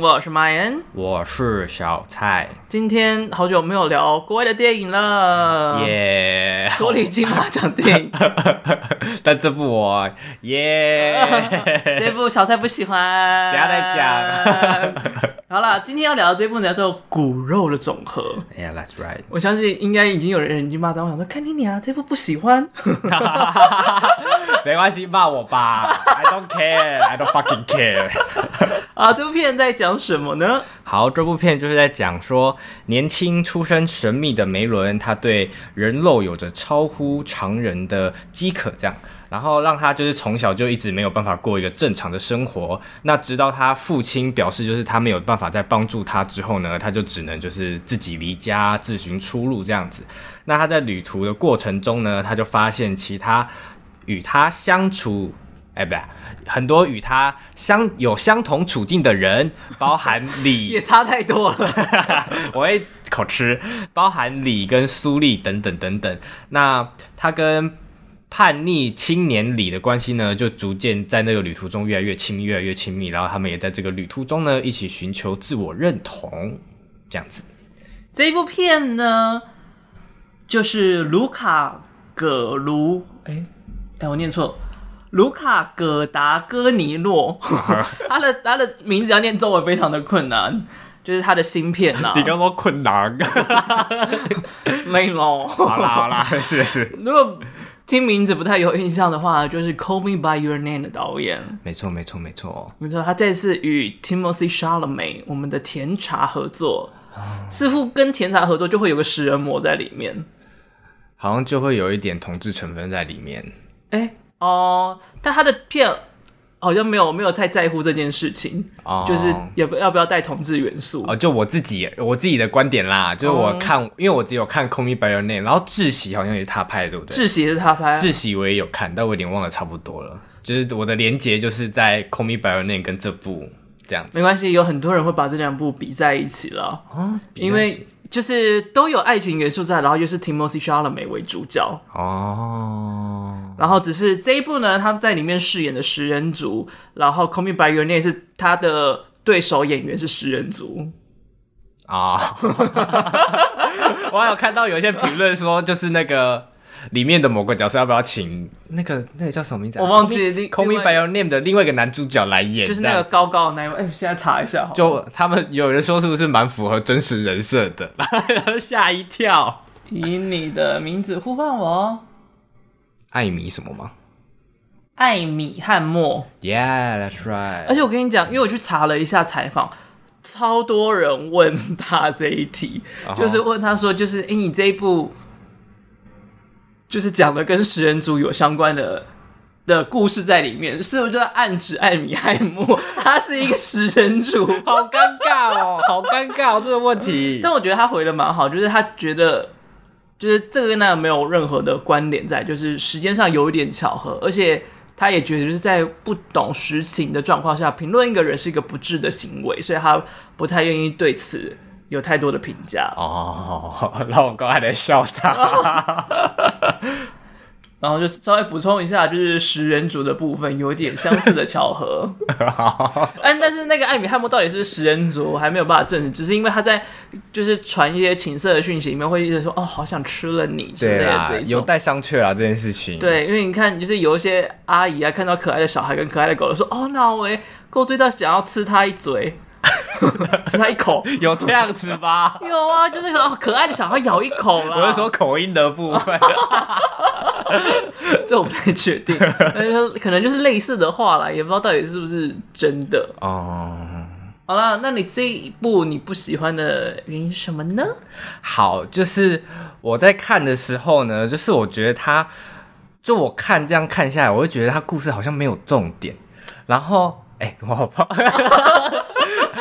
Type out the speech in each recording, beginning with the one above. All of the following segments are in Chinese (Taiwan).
我是麥恩我是小蔡。今天好久沒有聊國外的電影了，耶、yeah！《奪寶奇兵》電影， 但這部我耶，yeah、 這部小蔡不喜歡，等下再講。 好啦，今天要聊的這部叫做《骨肉的總和》，Yeah that's right。我相信應該已經有人已經罵髒話，我想說，看你啊，這部不喜歡， 沒關係，罵我吧，I don't care, I don't fucking care。 啊，這部片在講什麼呢？好，這部片就是在講說，年輕出身神秘的梅倫，他對人肉有着超乎常人的飢渴，這樣。然後讓他就是從小就一直沒有辦法過一個正常的生活。那直到他父親表示就是他沒有辦法再幫助他之後呢，他就只能就是自己離家自尋出路這樣子。那他在旅途的過程中呢，他就發現其他與他相處，哎，不，很多與他相，有相同處境的人，包含李 也差太多了， 我會口吃，包含李跟蘇麗等等等等。那他跟叛逆青年裡的關係呢，就逐漸在那個旅途中越來越親密，越來越親密。然後他們也在這個旅途中呢，一起尋求自我認同，這樣子。這一部片呢，就是盧卡·葛盧，哎，哎，我念錯，盧卡·葛達哥尼諾， 他的他的名字要念中文非常的困難，就是他的新片吶、啊。 你剛要說困難，沒 咯？ 好啦好啦，是是， 如果聽名字不太有印象的話，就是《Call Me By Your Name》的導演，沒錯沒錯沒錯，沒錯，他這次與 Timothy Chalamet 我們的甜茶合作、啊，似乎跟甜茶合作就會有個食人魔在裡面，好像就會有一點同志成分在裡面，哎、欸、哦，但他的片。好像沒有沒有太在乎這件事情，哦、就是要不要不要帶同志元素。哦，就我自己我自己的觀點啦，就是我看、嗯，因為我只有看《Call Me By Your Name》，然後《窒息》好像也是他拍的，對不對？《窒息》是他拍、啊，《窒息》我也有看，但我有點忘了差不多了。就是我的連結就是在《Call Me By Your Name》跟這部這樣子，沒關係，有很多人會把這兩部比在一起了，因為。就是都有愛情元素在，然後又是 Timothée Chalamet 為主角哦，oh. 然後只是這一部呢，他們在裡面飾演的食人族，然後 Call Me by Your Name 是他的對手演員是食人族啊，oh. 我還有看到有一些評論說就是那個。裡面的某個角色要不要請那個那個叫什麼名字，啊？我忘記《Call Me by Your Name》的另外一個男主角來演，就是那個高高的男。哎，欸，現在查一下好不好？就他們有人說是不是蠻符合真實人設的？嚇 一跳！以你的名字呼喚我，艾米什麼嗎？艾米漢默。Yeah, that's right。而且我跟你講，因為我去查了一下採訪，超多人問他這一題，嗯，就是問他說，就是誒，欸，你這一部。就是講的跟食人族有相關的的故事在裡面，是不是就暗指艾米·漢默他是一個食人族？ 好尷尬哦，好尷尬哦， 這個問題。但我覺得他回的蠻好，就是他覺得就是這個跟那個沒有任何的關聯在，就是時間上有一點巧合，而且他也覺得就是在不懂實情的狀況下評論一個人是一個不智的行為，所以他不太願意對此。有太多的評價哦，那我剛才還在笑他，哦、 然後就稍微補充一下，就是食人族的部分有點相似的巧合。好、 嗯，但是那個艾米漢默到底是不是食人族，我還沒有辦法證實，只是因為他在就是傳一些情色的訊息，裡面會一直說哦，好想吃了你，的對啊，有待商榷啊這件事情。對，因為你看，就是有一些阿姨啊，看到可愛的小孩跟可愛的狗狗，說哦，那我夠、欸、追到想要吃他一嘴。吃 一口，有這樣子吧？ 有啊，就是哦，可愛的小孩咬一口了。我是說口音的部分， 這我不太確定，可能就是類似的話啦，也不知道到底是不是真的哦。Um... 好了，那你這一部你不喜歡的原因是什麼呢？好，就是我在看的時候呢，就是我覺得他，就我看這樣看下來，我會覺得他故事好像沒有重點。然後，哎、欸，我好怕。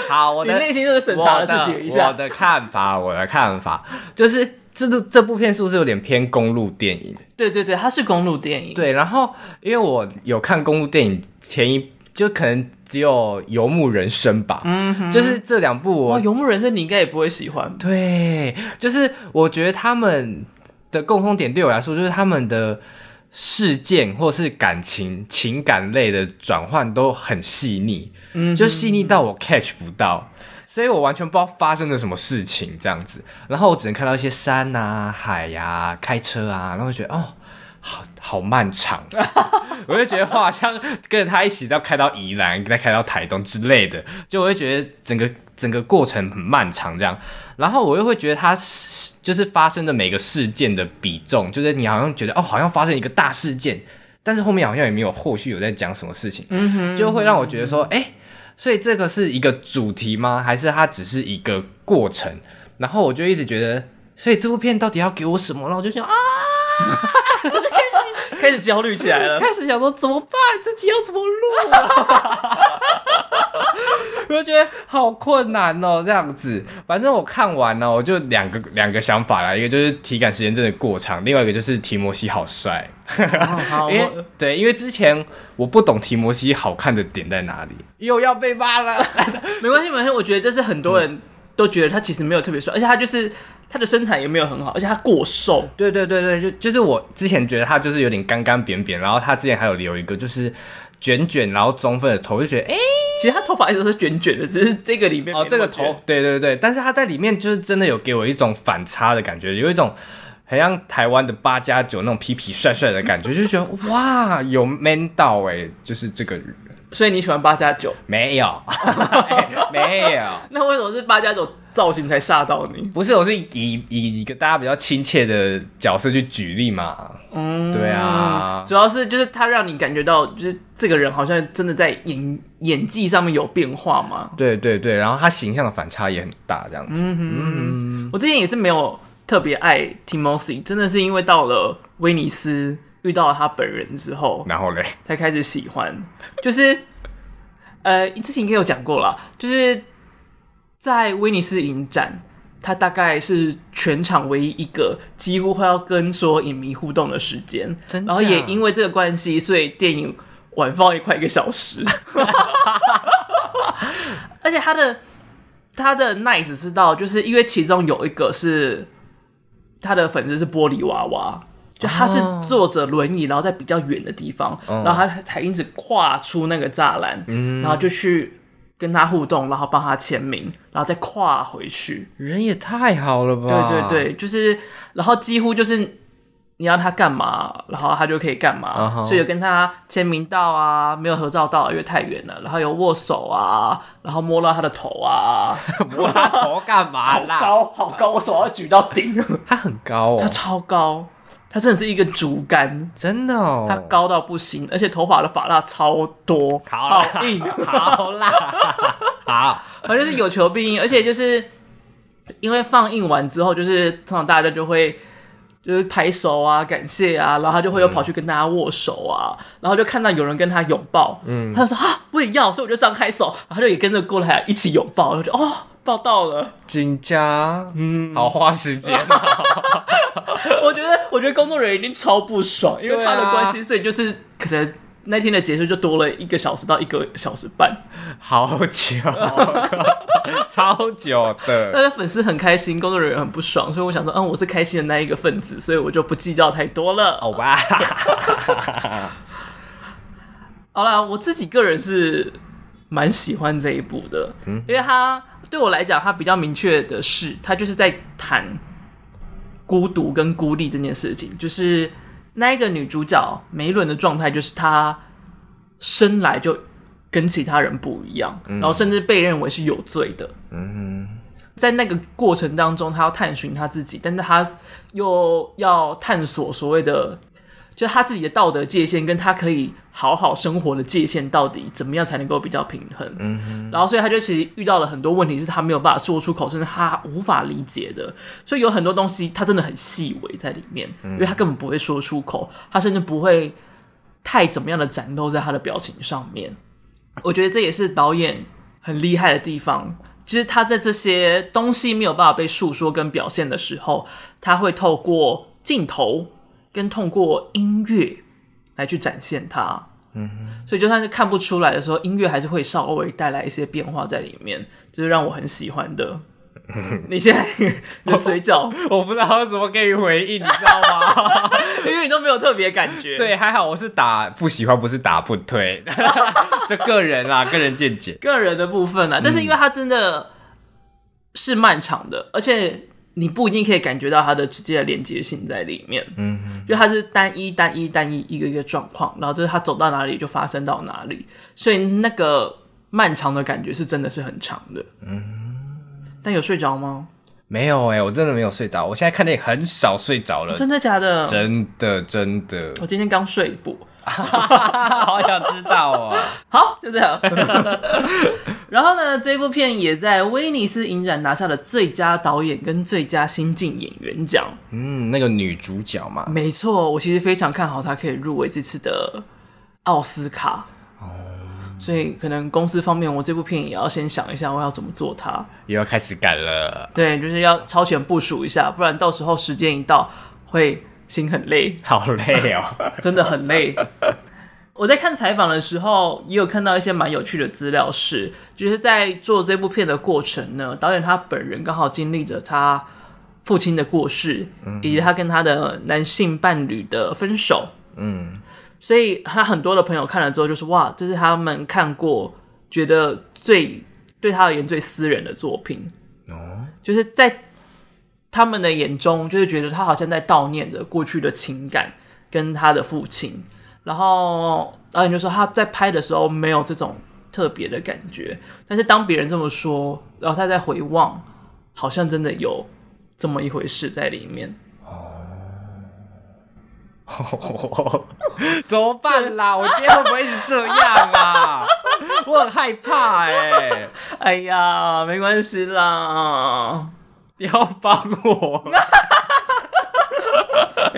好，我的內心就是審查自己一下我。我的看法， 我的看法就是這，這部這部片是不是有點偏公路電影？對對對，它是公路電影。對，然後因為我有看公路電影，前一就可能只有《遊牧人生》吧。嗯哼，就是這兩部。哦，《遊牧人生》你應該也不會喜歡。對，就是我覺得他們的共通點對我來說就是他們的。事件或是感情情感類的轉換都很細膩，嗯，就細膩到我 catch 不到，所以我完全不知道發生了什麼事情這樣子。然後我只能看到一些山啊、海呀、啊、開車啊，然後覺得哦，好好漫長啊。 我就覺得好像跟着他一起到開到宜蘭，再開到台東之類的，就我會覺得整個整個過程很漫長這樣。然後我又會覺得他是。就是發生的每個事件的比重，就是你好像覺得哦，好像發生一個大事件，但是後面好像也沒有後續有在講什麼事情，嗯哼，就會讓我覺得說，哎，欸，所以這個是一個主題嗎？還是它只是一個過程？然後我就一直覺得，所以這部片到底要給我什麼？然後我就想啊，我就開始開始焦慮起來了，開始想說怎麼辦？自己要怎麼錄、啊？ 我覺得好困難哦、喔，這樣子，反正我看完了，我就兩個兩個想法啦，一個就是體感時間真的過長，另外一個就是提摩西好帥。好，好 因為對，因為之前我不懂提摩西好看的點在哪裡，又要被罵了。 沒關係，沒關係，我覺得就是很多人都覺得他其實沒有特別帥、嗯，而且他就是他的身材也沒有很好，而且他過瘦。嗯、對對對對，就就是我之前覺得他就是有點乾乾扁扁，然後他之前還有留一個就是。捲捲，然後中分的頭就覺得，哎、欸，其實他頭髮一直都是捲捲的，只是這個裡面哦，這個頭，對對對，但是他在裡面就是真的有給我一種反差的感覺，有一種很像台灣的八加九那種痞痞帥帥的感覺，就覺得哇，有 man 到誒、欸，就是這個。所以你喜歡八加九？沒有，沒有。那為什麼是八加九造型才嚇到你？不是，我是以，以，以一個大家比較親切的角色去舉例嘛。嗯，對啊。主要是就是他讓你感覺到，就是這個人好像真的在演演技上面有變化嘛。對對對，然後他形象的反差也很大，這樣子嗯。嗯哼。我之前也是沒有特別愛 Timothy，真的是因為到了威尼斯。遇到他本人之後，然後呢，才開始喜歡。就是，呃，之前應該有講過了，就是在威尼斯影展，他大概是全場唯一一個幾乎會要跟所有影迷互動的時間，然後也因為這個關係，所以電影晚放也快一個小時。 而且他的他的 nice 是到，就是因為其中有一個是他的粉絲是玻璃娃娃。就他是坐着輪椅，oh. 然後在比較遠的地方，oh. 然後他才因此跨出那個柵欄，mm. 然後就去跟他互動，然後幫他簽名，然後再跨回去。人也太好了吧？對對對，就是，然後幾乎就是你要他幹嘛，然後他就可以幹嘛。Uh -huh. 所以有跟他簽名到啊，沒有合照到啊，因為太遠了。然後有握手啊，然後摸到他的頭啊， 摸他頭幹嘛啦？好高，好高， 我手要舉到頂。 他很高哦，他超高。他真的是一個竹竿，真的哦，他高到不行，而且頭髮的髮蠟超多，好硬， 好辣啦， 好，反正是有求必應，而且就是因為放映完之後，就是通常大家就會就是拍手啊，感謝啊，然後他就會又跑去跟大家握手啊，嗯，然後就看到有人跟他擁抱，嗯，他就說啊我也要，所以我就張開手，然後他就也跟着過來一起擁抱，就覺就哦。報到了，緊張，嗯，好花時間喔。 我覺得，我覺得工作人員一定超不爽，因為他的關係，啊，所以就是可能那天的結束就多了一個小時到一個小時半，好久， 超久的。但是粉絲很開心，工作人員很不爽，所以我想說，嗯，我是開心的那一個分子，所以我就不計較太多了，好吧。 好啦，我自己個人是蠻喜歡這一部的，嗯，因為他。對我來講，他比較明確的是，他就是在談孤獨跟孤立這件事情。就是那一個女主角梅倫的狀態，就是她生來就跟其他人不一樣，然後甚至被認為是有罪的。嗯，在那個過程當中，她要探尋她自己，但是她又要探索所謂的。就他自己的道德界限跟他可以好好生活的界限到底怎麼樣才能夠比較平衡？嗯嗯。然後，所以他就其實遇到了很多問題，是他沒有辦法說出口，甚至他無法理解的。所以有很多東西他真的很細微在裡面，因為他根本不會說出口，他甚至不會太怎麼樣的展露在他的表情上面。我覺得這也是導演很厲害的地方，就是他在這些東西沒有辦法被訴說跟表現的時候，他會透過鏡頭。跟通過音樂來去展現它，嗯哼，所以就算是看不出來的時候，音樂還是會稍微帶來一些變化在裡面，就是讓我很喜歡的。嗯哼，你現在， 你的嘴角，我,我不知道怎麼給予回應，你知道嗎？ 因為你都沒有特別感覺。對，還好我是打不喜歡，不是打不推， 就個人啦、啊，個人見解， 個人的部分啦、啊。但是因為它真的是漫長的，嗯、而且。你不一定可以感覺到它的直接的連接性在裡面，嗯嗯，就它是單一、單一、單一，一個一個狀況，然後就是它走到哪裡就發生到哪裡，所以那個漫長的感覺是真的是很長的，嗯。但有睡着嗎？沒有哎、欸，我真的沒有睡着。我現在看電影很少睡着了、哦。真的假的？真的真的。我今天剛睡過。 好想知道哦，啊， 好，就這樣。 然後呢，這部片也在威尼斯影展拿下了最佳導演跟最佳新晉演員獎。嗯，那個女主角嘛，沒錯，我其實非常看好她可以入圍這次的奧斯卡。哦，所以可能公司方面，我這部片也要先想一下，我要怎麼做它，也要開始改了。對，就是要超前部署一下，不然到時候時間一到會。心很累，好累哦， 真的很累。 我在看採訪的時候，也有看到一些蠻有趣的資料，是就是在做這部片的過程呢，導演他本人剛好經歷着他父親的過世，嗯嗯，以及他跟他的男性伴侶的分手。嗯，所以他很多的朋友看了之後，就是哇，這是他們看過覺得最對他而言最私人的作品哦，就是在。他們的眼中就是覺得他好像在悼念着過去的情感跟他的父親，然後導演、啊、就說他在拍的時候沒有這種特別的感覺，但是當別人這麼說，然後他在回望，好像真的有這麼一回事在裡面。 怎麼辦啦？我今天會不會是這樣啊？我很害怕哎、欸！ 哎呀，沒關係啦。你要幫我？沒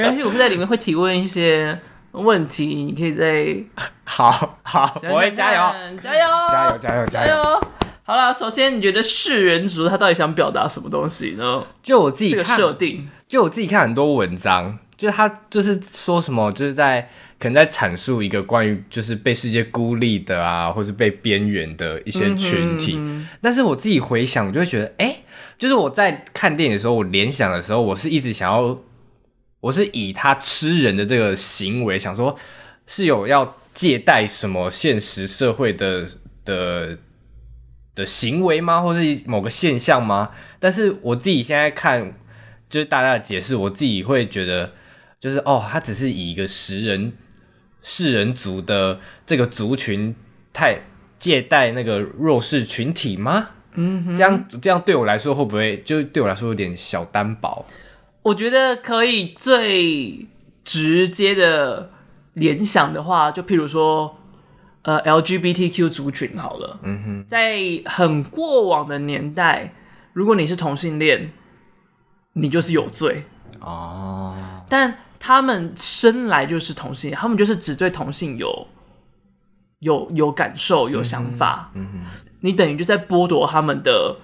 關係，我們在裡面會提問一些問題，你可以再 好好想想，我會加油，加油，加油，加油，加油。加油。好了，首先你覺得噬人族，他到底想表達什麼東西呢？就我自己看，這個，設定，就我自己看很多文章。就他就是說什麼，就是在可能在闡述一個關於就是被世界孤立的啊，或是被邊緣的一些群體，嗯哼嗯哼。但是我自己回想，就會覺得，哎、欸，就是我在看電影的時候，我聯想的時候，我是一直想要，我是以他吃人的這個行為，想說是有要借代什麼現實社會的的的行為嗎，或是某個現象嗎？但是我自己現在看，就是大家的解釋，我自己會覺得。就是哦，他只是以一個食人、食人族的這個族群，來借代那個弱勢群體嗎？嗯哼，這樣這樣對我來說會不會就對我來說有點小單薄？我覺得可以最直接的聯想的話，就譬如說，呃，LGBTQ 族群好了，嗯哼，在很過往的年代，如果你是同性戀，你就是有罪哦，但。他們生來就是同性，他們就是只對同性有有有感受、有想法。嗯哼，嗯哼。你等於就在剝奪他們的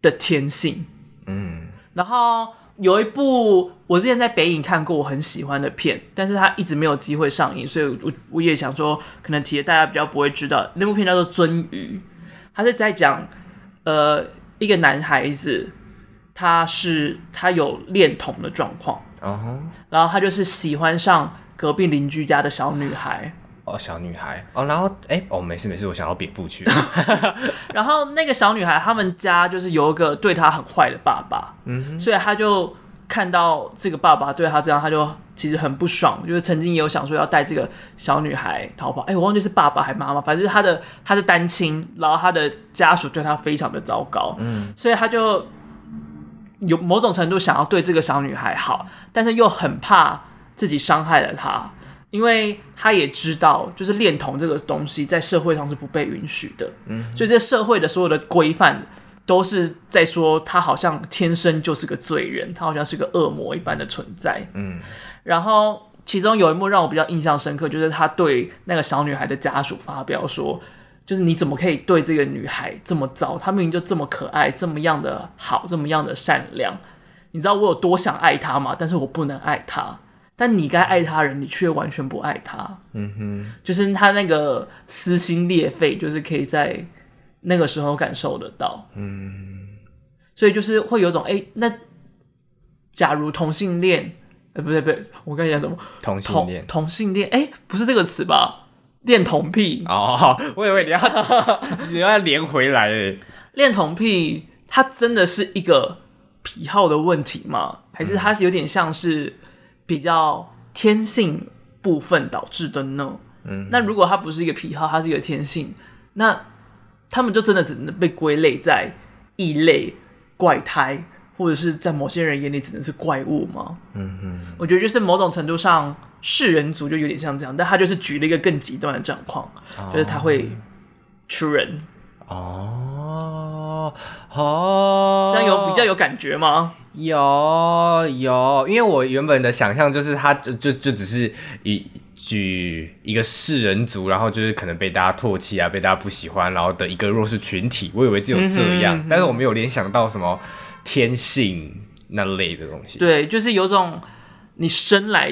的天性。嗯。然後有一部我之前在北影看過我很喜歡的片，但是他一直沒有機會上映，所以我我也想說，可能提的大家比較不會知道，那部片叫做《鱒魚》，他是在講呃一個男孩子，他是他有戀童的狀況。Uh -huh. 然後他就是喜歡上隔壁鄰居家的小女孩。哦、oh,，小女孩。哦、oh, then... 欸，然後哎，哦，沒事沒事，我想到別部去。 然後那個小女孩，他們家就是有一個對他很壞的爸爸。嗯、mm -hmm.，所以他就看到這個爸爸對他這樣，他就其實很不爽。就是曾經也有想說要帶這個小女孩逃跑。哎、欸，我忘記是爸爸還是媽媽，反正就是他的他是單親，然後他的家屬對他非常的糟糕。嗯、mm -hmm.，所以他就。有某種程度想要對這個小女孩好，但是又很怕自己傷害了她，因為他也知道，就是戀童這個東西在社會上是不被允許的。嗯，所以這社會的所有的規範都是在說她好像天生就是個罪人，她好像是個惡魔一般的存在。嗯，然後其中有一幕讓我比較印象深刻，就是他對那個小女孩的家屬發表說。就是你怎麼可以對這個女孩這麼糟？她明明就這麼可愛，這麼樣的好，這麼樣的善良，你知道我有多想愛她嗎？但是我不能愛她。但你該愛她的人，你卻完全不愛她。嗯哼，就是她那個撕心裂肺，就是可以在那個時候感受得到。嗯，所以就是會有種哎、欸，那假如同性戀，呃、欸，不對不對，我剛才講什麼？同性戀，同性戀，哎、欸，不是這個詞吧？戀童癖哦，oh, oh, oh, 我以為你要 你要連回來誒。戀童癖，它真的是一個癖好的問題嗎？還是它是有點像是比較天性部分導致的呢？嗯，那如果它不是一個癖好，它是一個天性，那他們就真的只能被歸類在異類、怪胎，或者是在某些人眼裡只能是怪物嗎？嗯嗯，我覺得就是某種程度上。噬人族就有點像這樣，但他就是舉了一個更極端的狀況，oh. 就是他會吃人。哦哦，這樣有比較有感覺嗎？有有，因為我原本的想象就是他就就就只是一舉一個噬人族，然後就是可能被大家唾棄啊，被大家不喜歡，然後的一個弱勢群體。我以為只有這樣，嗯哼嗯哼，但是我沒有聯想到什麼天性那類的東西。對，就是有一種你生來。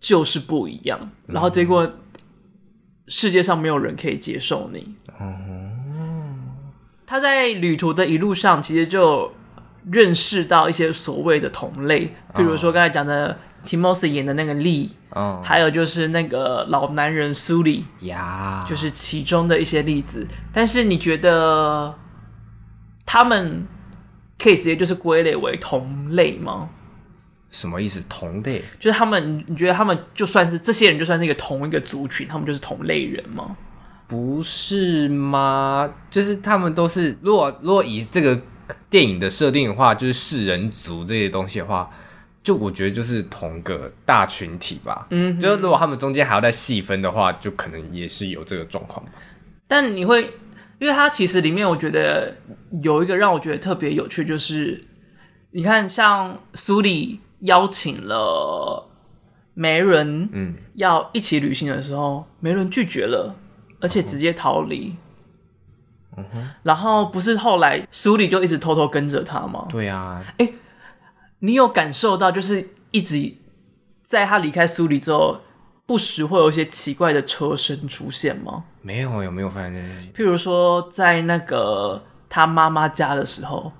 就是不一樣，然後結果世界上沒有人可以接受你。他在旅途的一路上，其實就認識到一些所謂的同類，Oh. 比如說剛才講的 Timothée 演的那個 Lee, 嗯，還有就是那個老男人蘇里，呀，就是其中的一些例子。但是你覺得他們可以直接就是歸類為同類嗎？什麼意思？同類就是他們？你覺得他們就算是這些人，就算是一個同一個族群，他們就是同類人嗎？不是嗎？就是他們都是，如果如果以這個電影的設定的話，就是噬人族這些東西的話，就我覺得就是同個大群體吧。嗯，就如果他們中間還要再細分的話，就可能也是有這個狀況。但你會，因為它其實裡面我覺得有一個讓我覺得特別有趣，就是你看，像蘇里。邀請了梅倫，嗯，要一起旅行的時候、嗯，梅倫拒絕了，而且直接逃離、嗯。然後不是後來蘇里就一直偷偷跟着他嗎？對啊。哎、欸，你有感受到就是一直在他離開蘇里之後，不時會有一些奇怪的車身出現嗎？沒有，有沒有發現這件事情？譬如說，在那個他媽媽家的時候。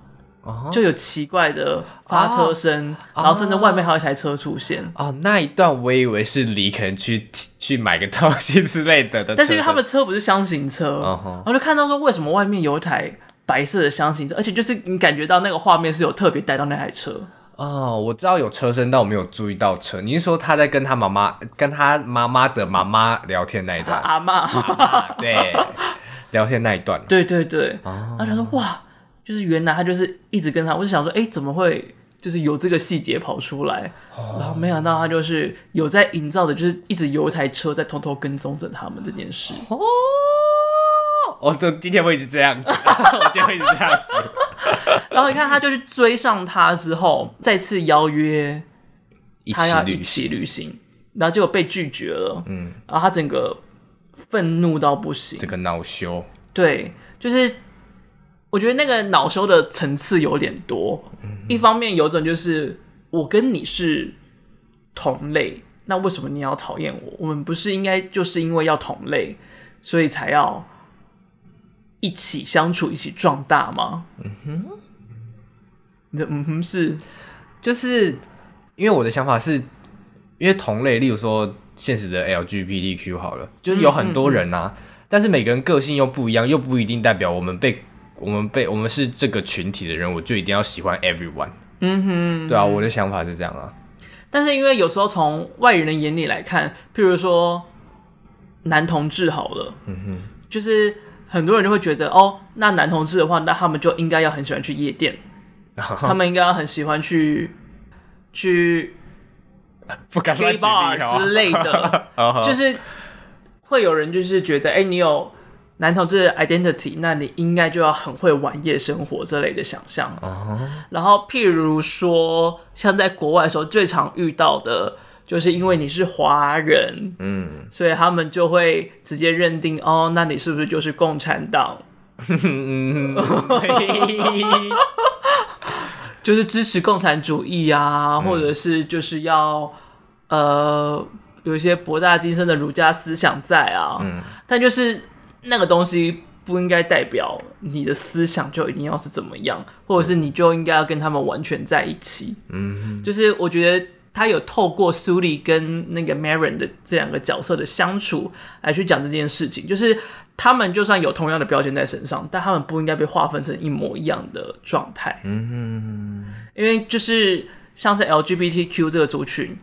Uh -huh. 就有奇怪的發車聲，oh. Oh. 然後甚至外面還有一台車出現。哦、oh. oh,，那一段我以為是李肯去去買個東西之類的，的但是因為他們的車不是廂型車，uh -huh. 然後就看到說為什麼外面有一台白色的廂型車，而且就是你感覺到那個畫面是有特別帶到那台車。哦、oh,，我知道有車聲，但我沒有注意到車。你是說他在跟他媽媽跟他媽媽的媽媽聊天那一段？阿、啊、媽，阿媽、 啊，對，聊天那一段。 對，對對對，oh. 然後他說哇。就是原來他就是一直跟他，我就想說，哎、欸，怎麼會就是有這個細節跑出來？Oh. 然後沒想到他就是有在營造的，就是一直有一台車在偷偷跟蹤着他們這件事。哦，我就今天會一直這樣子，我 今天會一直這樣子。 然後你看，他就去追上他之後，再次邀約他要一起旅行，旅行然後結果被拒絕了。嗯，然後他整個憤怒到不行，這個惱羞。對，就是。我覺得那個惱羞的層次有點多。一方面有種就是我跟你是同類，那為什麼你要討厭我？我們不是應該就是因為要同類，所以才要一起相處、一起壯大嗎？嗯哼，嗯哼是，就是因為我的想法是因為同類，例如說現實的 LGBTQ 好了，就是有很多人啊，嗯嗯嗯，但是每個人個性又不一樣，又不一定代表我們被。我們被，我們是這個群體的人，我就一定要喜歡 everyone。嗯哼，對啊，我的想法是這樣啊。但是因為有時候從外人的眼裡來看，譬如說男同志好了，嗯哼，就是很多人就會覺得哦，那男同志的話，那他們就應該要很喜歡去夜店，哦、他們應該要很喜歡去去，不敢說酒吧之類的，就是會有人就是覺得，哎，你有。男同志 identity，那你應該就要很會玩夜生活這類的想象。Uh -huh. 然後，譬如說，像在國外的時候，最常遇到的就是因為你是華人，嗯、mm.，所以他們就會直接認定哦，那你是不是就是共產黨？ 就是支持共產主義啊，mm. 或者是就是要呃，有一些博大精深的儒家思想在啊。Mm. 但就是。那個東西不應該代表你的思想就一定要是怎麼樣，或者是你就應該要跟他們完全在一起。嗯，就是我覺得他有透過 Sully 跟那個 Marin 的這兩個角色的相處來去講這件事情，就是他們就算有同樣的標籤在身上，但他們不應該被劃分成一模一樣的狀態。嗯哼，因為就是像是 LGBTQ 這個族群，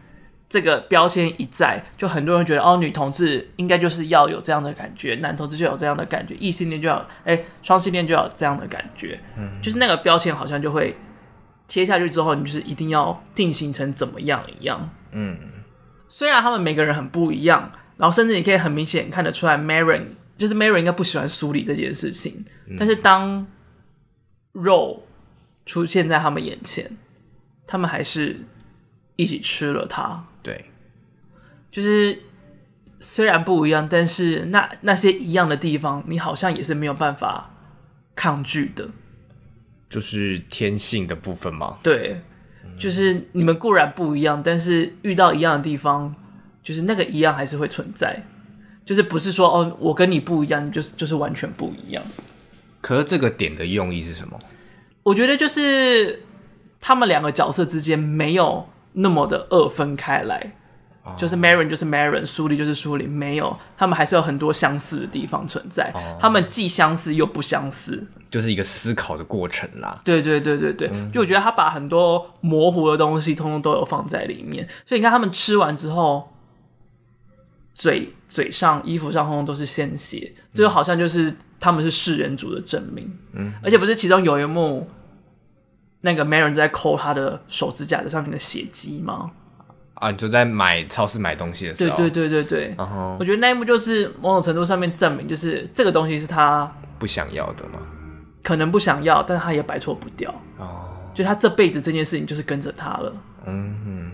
這個標籤一在，就很多人覺得哦，女同志應該就是要有這樣的感覺，男同志就有這樣的感覺，異性戀就要哎，雙性戀就要這樣的感覺，嗯，就是那個標籤好像就會貼下去之後，你就是一定要定型成怎麼樣一樣，嗯，雖然他們每個人很不一樣，然後甚至你可以很明顯看得出來，Maren 就是 Maren 應該不喜歡梳理這件事情，但是當肉出現在他們眼前，他們還是一起吃了它。對，就是雖然不一樣，但是那那些一樣的地方，你好像也是沒有辦法抗拒的，就是天性的部分嗎？對，就是你們固然不一樣，嗯，但是遇到一樣的地方，就是那個一樣還是會存在，就是不是說哦，我跟你不一樣，就是就是完全不一樣。可是這個點的用意是什麼？我覺得就是他們兩個角色之間沒有。那麼的二分開來，就是梅倫就是梅倫、oh. 蘇利就是蘇利沒有，他們還是有很多相似的地方存在。Oh. 他們既相似又不相似，就是一個思考的過程啦。對對對對對，嗯、就我覺得他把很多模糊的東西通通都有放在裡面。所以你看他們吃完之後，嘴嘴上、衣服上通通都是鮮血、嗯，就好像就是他們是噬人族的證明。嗯，而且不是其中有一幕，那個 Maren 在摳他的手指甲的上面的血跡嗎？啊，就在買超市買東西的時候。對對對對對。Uh -huh. 我覺得那一幕就是某種程度上面證明，就是這個東西是他不想要的嘛，可能不想要，但他也擺脫不掉。哦、uh -huh.。就他這輩子這件事情就是跟着他了。嗯、uh -huh.。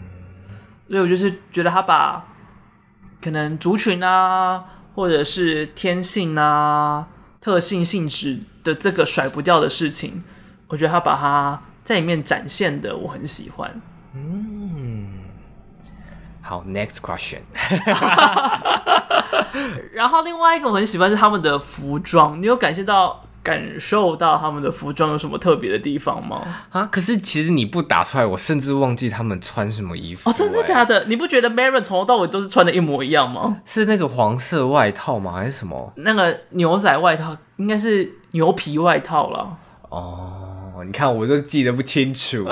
所以我就是覺得他把可能族群啊，或者是天性啊、特性性質的這個甩不掉的事情，我覺得他把它。在裡面展現的我很喜歡，嗯，好，next question 。 然後另外一個我很喜歡是他們的服裝，你有感受到感受到他們的服裝有什麼特別的地方嗎？啊，可是其實你不打出來，我甚至忘記他們穿什麼衣服、欸。哦，真的假的？你不覺得 Maren 從頭到尾都是穿的一模一樣嗎？是那個黃色外套嗎？還是什麼？那個牛仔外套，應該是牛皮外套啦。哦。你看，我都記得不清楚。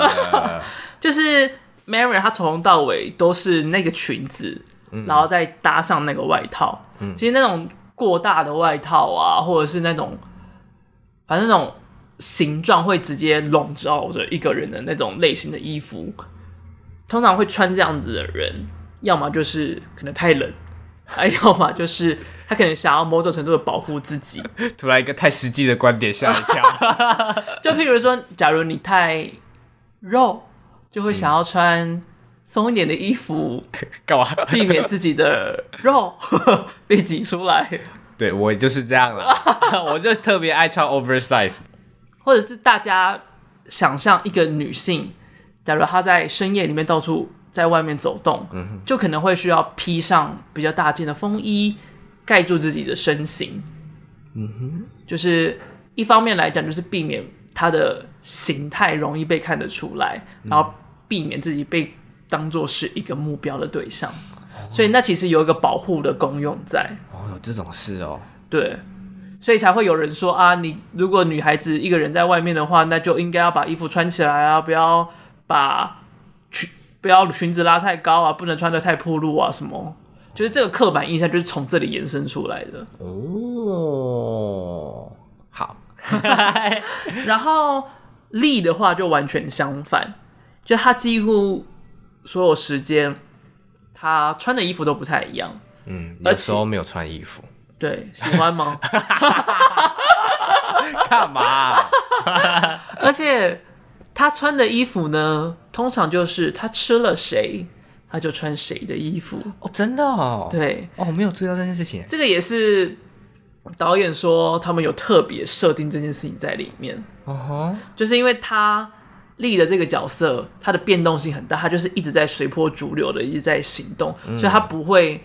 就是梅倫，她從頭到尾都是那個裙子，嗯嗯，然後再搭上那個外套。嗯，其實那種過大的外套啊，或者是那種反正那種形狀會直接籠罩着一個人的那種類型的衣服，通常會穿這樣子的人，要麼就是可能太冷。還有嘛，就是他可能想要某種程度的保護自己。突然一個太實際的觀點，嚇一跳。 就譬如說，假如你太肉，raw, 就會想要穿鬆一點的衣服，幹、嗯、 幹嘛 避免自己的肉 被擠出來？對，我就是這樣了， 我就特別愛穿 oversize。 或者是大家想象一個女性，假如她在深夜裡面到處。在外面走動，就可能會需要披上比較大件的風衣，蓋住自己的身形。嗯哼，就是一方面來講，就是避免他的形態容易被看得出來，嗯、然後避免自己被當做是一個目標的對象。哦，所以那其實有一個保護的功用在。哦，有這種事哦。對，所以才會有人說啊，你如果女孩子一個人在外面的話，那就應該要把衣服穿起來啊，不要把。不要裙子拉太高啊，不能穿的太暴露啊，什麼？就是這個刻板印象就是從這裡延伸出來的。哦，好。 然後李的話就完全相反，就他幾乎所有時間他穿的衣服都不太一樣。嗯，有時候沒有穿衣服。對，喜歡嗎？幹 嘛、啊？ 而且。他穿的衣服呢，通常就是他吃了誰，他就穿誰的衣服。哦，真的哦？對哦，我沒有注意到這件事情，這個也是導演說他們有特別設定這件事情在裡面哦。就是因為他立的這個角色，他的變動性很大，他就是一直在隨波逐流的，一直在行動，嗯，所以他不會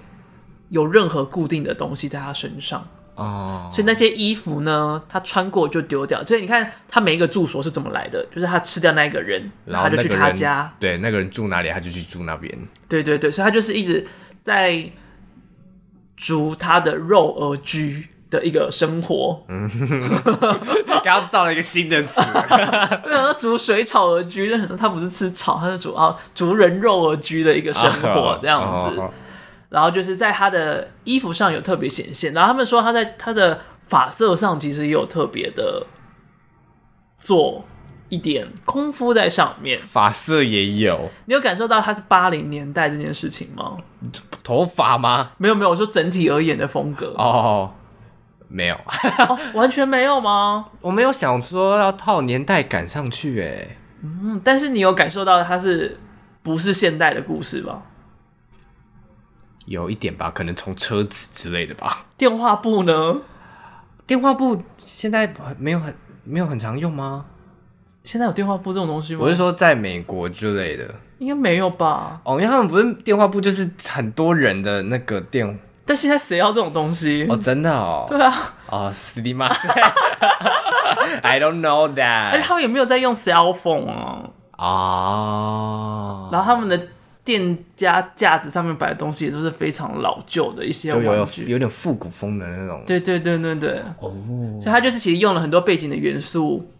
有任何固定的東西在他身上。哦、oh.，所以那些衣服呢，他穿過就丟掉。所以你看，他每一個住所是怎麼來的？就是他吃掉那一個人，然後他就去他家。對，那個人住哪裡，他就去住那邊。對對對，所以他就是一直在，逐他的肉而居的一個生活。嗯， 給他造了一個新的詞。對， 他逐水草而居，那他不是吃草，他是逐啊逐人肉而居的一個生活，oh. Oh. 這樣子。Oh. Oh. 然後就是在他的衣服上有特別顯現，然後他們說他在他的髮色上其實也有特別的做一點功夫在上面，髮色也有，你有感受到他是八零年代這件事情嗎？頭髮嗎？沒有沒有，我說整體而言的風格。哦，哦，沒有， 哦，完全沒有嗎？我沒有想說要套年代感上去，哎，嗯，但是你有感受到他是不是現代的故事嗎？有一點吧，可能從車子之類的吧。電話簿呢？電話簿現在沒有很沒有很常用嗎？現在有電話簿這種東西嗎？我是說在美國之類的，應該沒有吧？哦，因為他們不是電話簿，就是很多人的那個電。但現在誰要這種東西？哦，真的哦？對啊。哦、uh,，すみません。I don't know that、欸。而且他們也沒有在用 cell phone 啊。啊、oh.。然後他們的。店家架子上面擺的東西也都是非常老舊的一些玩具，有,有,有點復古風的那種。對對對對對。哦。所以他就是其實用了很多背景的元素，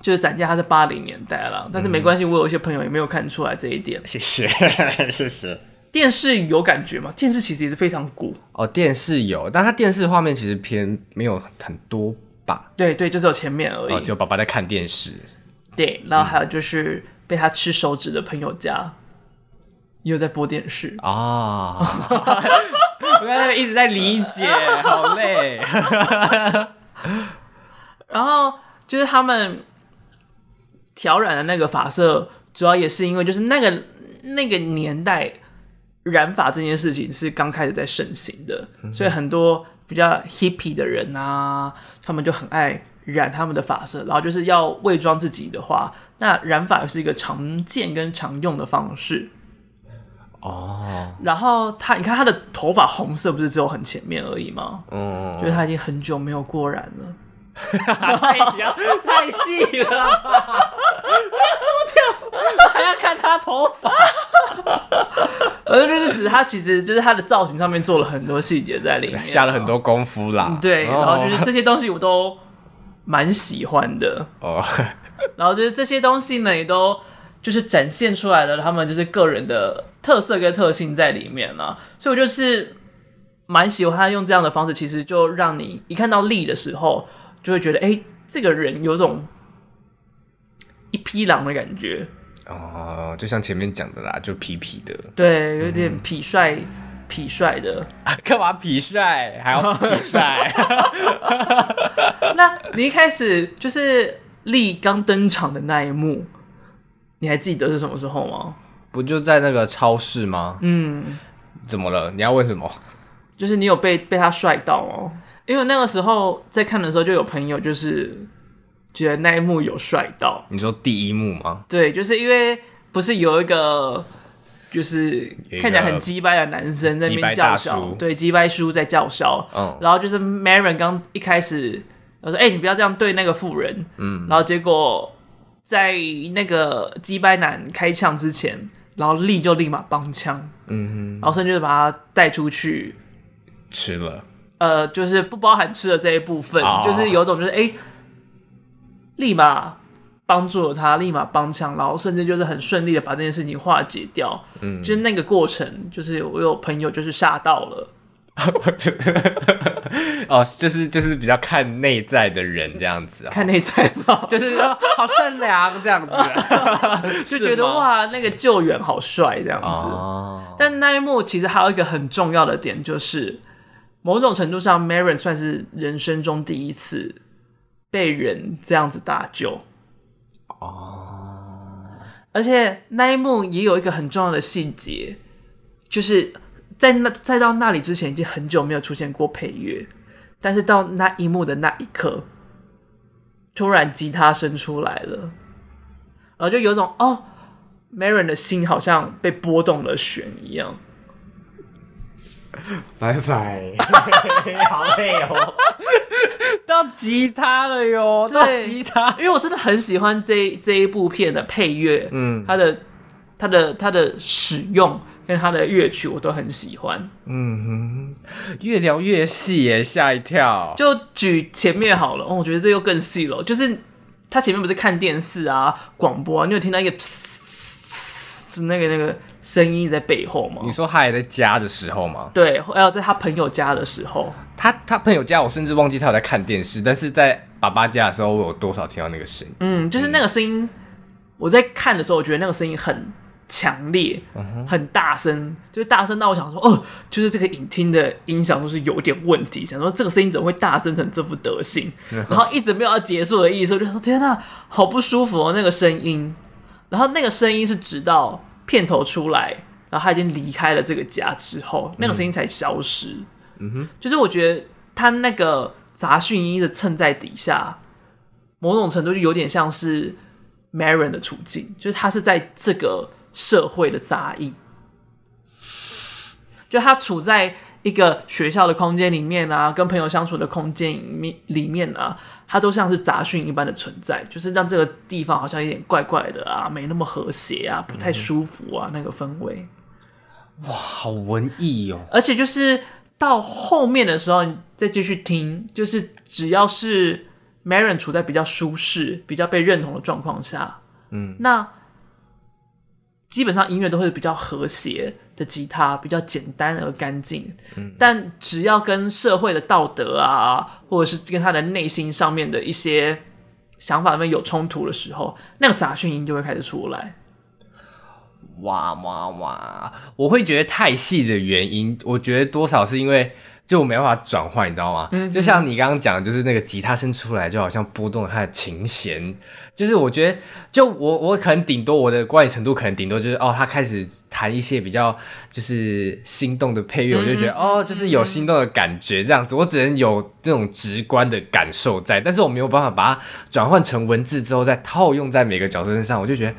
就是展現它在八零年代了，但是沒關係、嗯，我有一些朋友也沒有看出來這一點。謝謝，謝 謝。電視有感覺嗎？電視其實也是非常古哦。電視有，但它電視畫面其實偏沒有很多吧。對對，就只、是、有前面而已。就爸爸在看電視。對，然後還有就是被他吃手指的朋友家。又在播電視啊！Oh. 我在一直在理解， 好累。 然後就是他們挑染的那個髮色，主要也是因為就是那個那個年代染髮，這件事情是剛開始在盛行的，mm -hmm. 所以很多比較 hippie 的人啊，他們就很愛染他們的髮色。然後就是要偽裝自己的話，那染髮是一個常見跟常用的方式。哦、oh.，然後他，你看他的頭髮紅色，不是只有很前面而已嗎？嗯、oh.，就是他已經很久沒有過染了，oh. 他太細了，太細了吧 我天，還要看他頭髮？反 正 就是指他，其實就是他的造型上面做了很多細節在裡面，下了很多功夫啦。Oh. 對，然後就是這些東西我都蠻喜歡的哦。Oh. 然後就是這些東西呢，也都。就是展現出來的，他們就是個人的特色跟特性在裡面、啊、所以我就是蠻喜歡他用這樣的方式，其實就讓你一看到李的時候，就會覺得，哎、欸，這個人有種一匹狼的感覺哦，就像前面講的啦，就痞痞的，對，有點痞帥，痞、嗯、帥的，幹、啊、嘛痞帥，還要痞帥？ 那你一開始就是李剛登場的那一幕。你還記得是什麼時候嗎？不就在那個超市嗎？嗯，怎麼了？你要問什麼？就是你有被被他帥到哦，因為那個時候在看的時候就有朋友就是覺得那一幕有帥到。你說第一幕嗎？對，就是因為不是有一個就是看起來很雞掰的男生在那邊叫囂，對雞掰叔在叫囂，嗯，然後就是 Maren 剛一開始他說：“哎、欸，你不要這樣對那個婦人。”嗯，然後結果。在那個雞掰男開嗆之前，然後李就立馬幫腔，嗯哼，然後甚至把他帶出去吃了，呃，就是不包含吃了這一部分，哦、就是有種就是哎、欸，立馬幫助了他，立馬幫腔，然後甚至就是很順利的把這件事情化解掉，嗯，就是那個過程，就是我有朋友就是嚇到了。 哦，就是就是比較看內在的人這樣子，哦，看內在的就是說好善良這樣子， 就覺得哇，那個救援好帥這樣子，哦。但那一幕其實還有一個很重要的點，就是某種程度上，Maren 算是人生中第一次被人這樣子搭救。哦，而且那一幕也有一個很重要的細節，就是。在那在到那裡之前，已經很久沒有出現過配樂，但是到那一幕的那一刻，突然吉他聲出來了，然後就有種哦，Maren 的心好像被撥動了弦一樣。拜拜，好累累哦， 到吉他了喲，到吉他， 因為我真的很喜歡這一這一部片的配樂，嗯，它的它的它的使用。跟他的樂曲我都很喜歡，嗯哼，越聊越細耶，欸，嚇一跳。就舉前面好了，哦，我覺得這又更細了。就是他前面不是看電視啊，廣播啊，你有聽到一個咳咳是那個那個聲音在背後嗎？你說他還在家的時候嗎？對，還、啊、有在他朋友家的時候。他他朋友家，我甚至忘記他有在看電視，但是在爸爸家的時候，我有多少聽到那個聲音？嗯，就是那個聲音，嗯，我在看的時候，我覺得那個聲音很。強烈，很大聲，uh -huh. 就是大聲到我想說，哦，就是這個影廳的音響都是有點問題，想說這個聲音怎麼會大聲成這副德行？然後一直沒有要結束的意思，我就想說天哪，好不舒服哦那個聲音。然後那個聲音是直到片頭出來，然後他已經離開了這個家之後，那個聲音才消失。嗯哼，就是我覺得他那個雜訊音一直襯在底下，某種程度就有點像是 Maren 的處境，就是他是在這個。社會的雜役，就他處在一個學校的空間裡面啊，跟朋友相處的空間裡面裡面啊，他都像是雜訊一般的存在，就是讓這個地方好像有點怪怪的啊，沒那麼和諧啊，不太舒服啊，嗯、那個氛圍。哇，好文藝哦！而且就是到後面的時候，你再繼續聽，就是只要是 Maren 處在比較舒適、比較被認同的狀況下，嗯，那。基本上音樂都會比較和諧的，吉他比較簡單而乾淨。嗯。但只要跟社會的道德啊，或者是跟他的內心上面的一些想法會有衝突的時候，那個雜訊音就會開始出來。哇哇哇，我會覺得太細的原因，我覺得多少是因為。就我沒辦法轉換，你知道嗎？嗯，嗯，就像你剛剛講，就是那個吉他聲出來，就好像撥動了他的琴弦，就是我覺得，就我我可能頂多我的觀影程度可能頂多就是哦，他開始彈一些比較就是心動的配樂，我就覺得嗯嗯哦，就是有心動的感覺這樣子，我只能有這種直觀的感受在，但是我沒有辦法把它轉換成文字之後再套用在每個角色身上，我就覺得。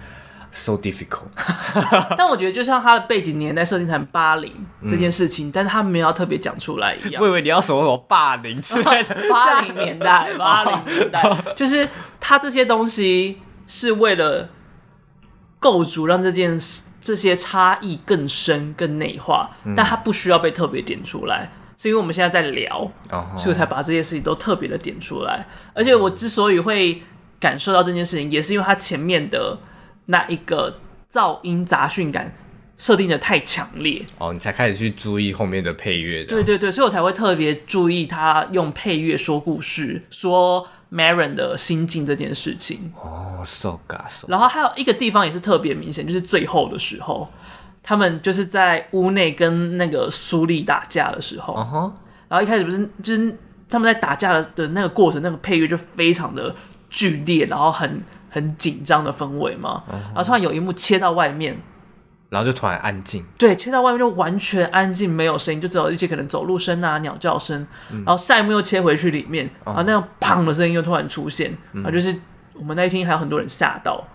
So difficult， 但我覺得就像他的背景年代設定成八零這件事情，嗯,但是他沒有要特別講出來一樣。我以為你要什麼什麼霸凌之類的。八零年代，八零年代，哦，就是他這些東西是為了構築讓這件，嗯，這些差異更深，更內化，但他不需要被特別點出來，是因為我們現在在聊。哦，所以我才把這些事情都特別的點出來，哦。而且我之所以會感受到這件事情，也是因為他前面的。那一個噪音雜訊感設定的太強烈哦，你才開始去注意後面的配樂。對對對，所以我才會特別注意他用配樂說故事、說 Maren 的心境這件事情。哦、oh,，so good、so。然後還有一個地方也是特別明顯，就是最後的時候，他們就是在屋內跟那個蘇麗打架的時候。嗯哼。然後一開始不是、就是，就是他們在打架的的那個過程，那個配樂就非常的劇烈，然後很。很緊張的氛圍嘛，oh, 然後突然有一幕切到外面，然後就突然安靜。對，切到外面就完全安靜，沒有聲音，就只有一些可能走路聲啊、鳥叫聲、嗯。然後下一幕又切回去裡面，啊、oh,，那樣砰的聲音又突然出現，啊、嗯，然後就是我們那一天還有很多人嚇到。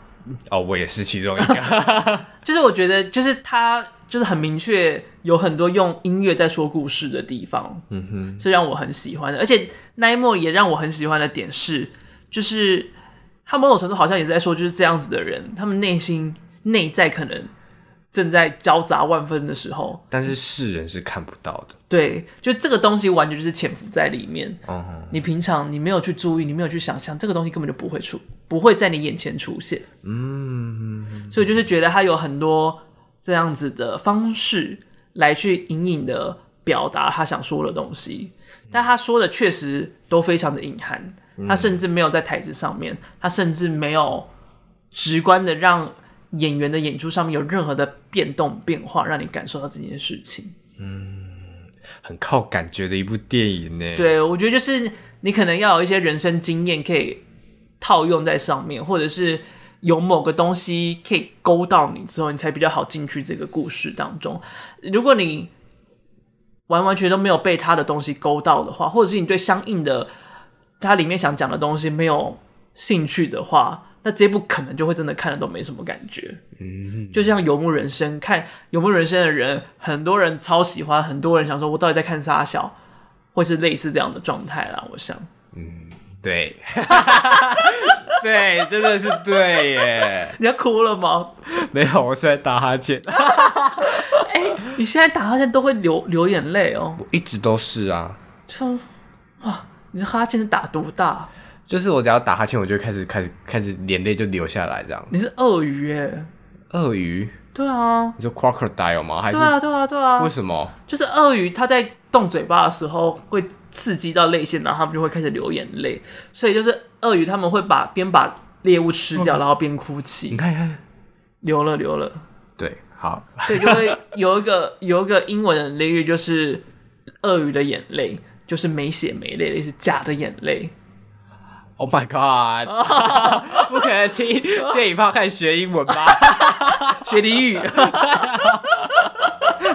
哦、oh,，我也是其中一個。 就是我覺得，就是他就是很明確，有很多用音樂在說故事的地方。嗯哼，是讓我很喜歡的。而且那一幕也讓我很喜歡的點是，就是。他某種程度好像也在說，就是這樣子的人，他們內心內在可能正在交雜萬分的時候，但是世人是看不到的。嗯、對，就這個東西完全就是潛伏在裡面、哦。你平常你沒有去注意，你沒有去想象，這個東西根本就不會出，不會在你眼前出現。嗯，所以就是覺得他有很多這樣子的方式來去隱隱的表達他想說的東西，但他說的確實都非常的隱含。他甚至沒有在台詞上面，他甚至沒有直觀的讓演員的演出上面有任何的變動變化，讓你感受到這件事情。嗯，很靠感覺的一部電影呢。對，我覺得就是你可能要有一些人生經驗可以套用在上面，或者是有某個東西可以勾到你之後，你才比較好進去這個故事當中。如果你完完全都沒有被他的東西勾到的話，或者是你對相應的。他裡面想講的東西沒有興趣的話，那這部可能就會真的看了都沒什麼感覺。嗯，就像《游牧人生》，看《游牧人生》的人，很多人超喜歡，很多人想說：“我到底在看啥小，會是類似這樣的狀態啦！”我想，嗯，對， 對，真的是對耶！你要哭了嗎？沒有，我是在打哈欠。哎、 欸，你現在打哈欠都會流流眼淚哦、喔。我一直都是啊。哇。啊你是哈欠是打多大，啊？就是我只要打哈欠，我就開始開始開始眼淚就流下來這樣。你是鱷魚耶，欸？鱷魚？對啊。你說 crocodile 嗎？還是？對啊，對啊，對啊。為什麼？就是鱷魚，它在動嘴巴的時候會刺激到淚腺，然後它們就會開始流眼淚。所以就是鱷魚，他們會把邊把獵物吃掉，oh, 然後邊哭泣。你看，你看，流了，流了。對，好。所以就會有一個 有一個英文的俚語，就是鱷魚的眼淚。就是沒血沒淚的，是假的眼淚。Oh my god！Oh, 不可能聽電影旁看學英文吧？ 學英迪語玉？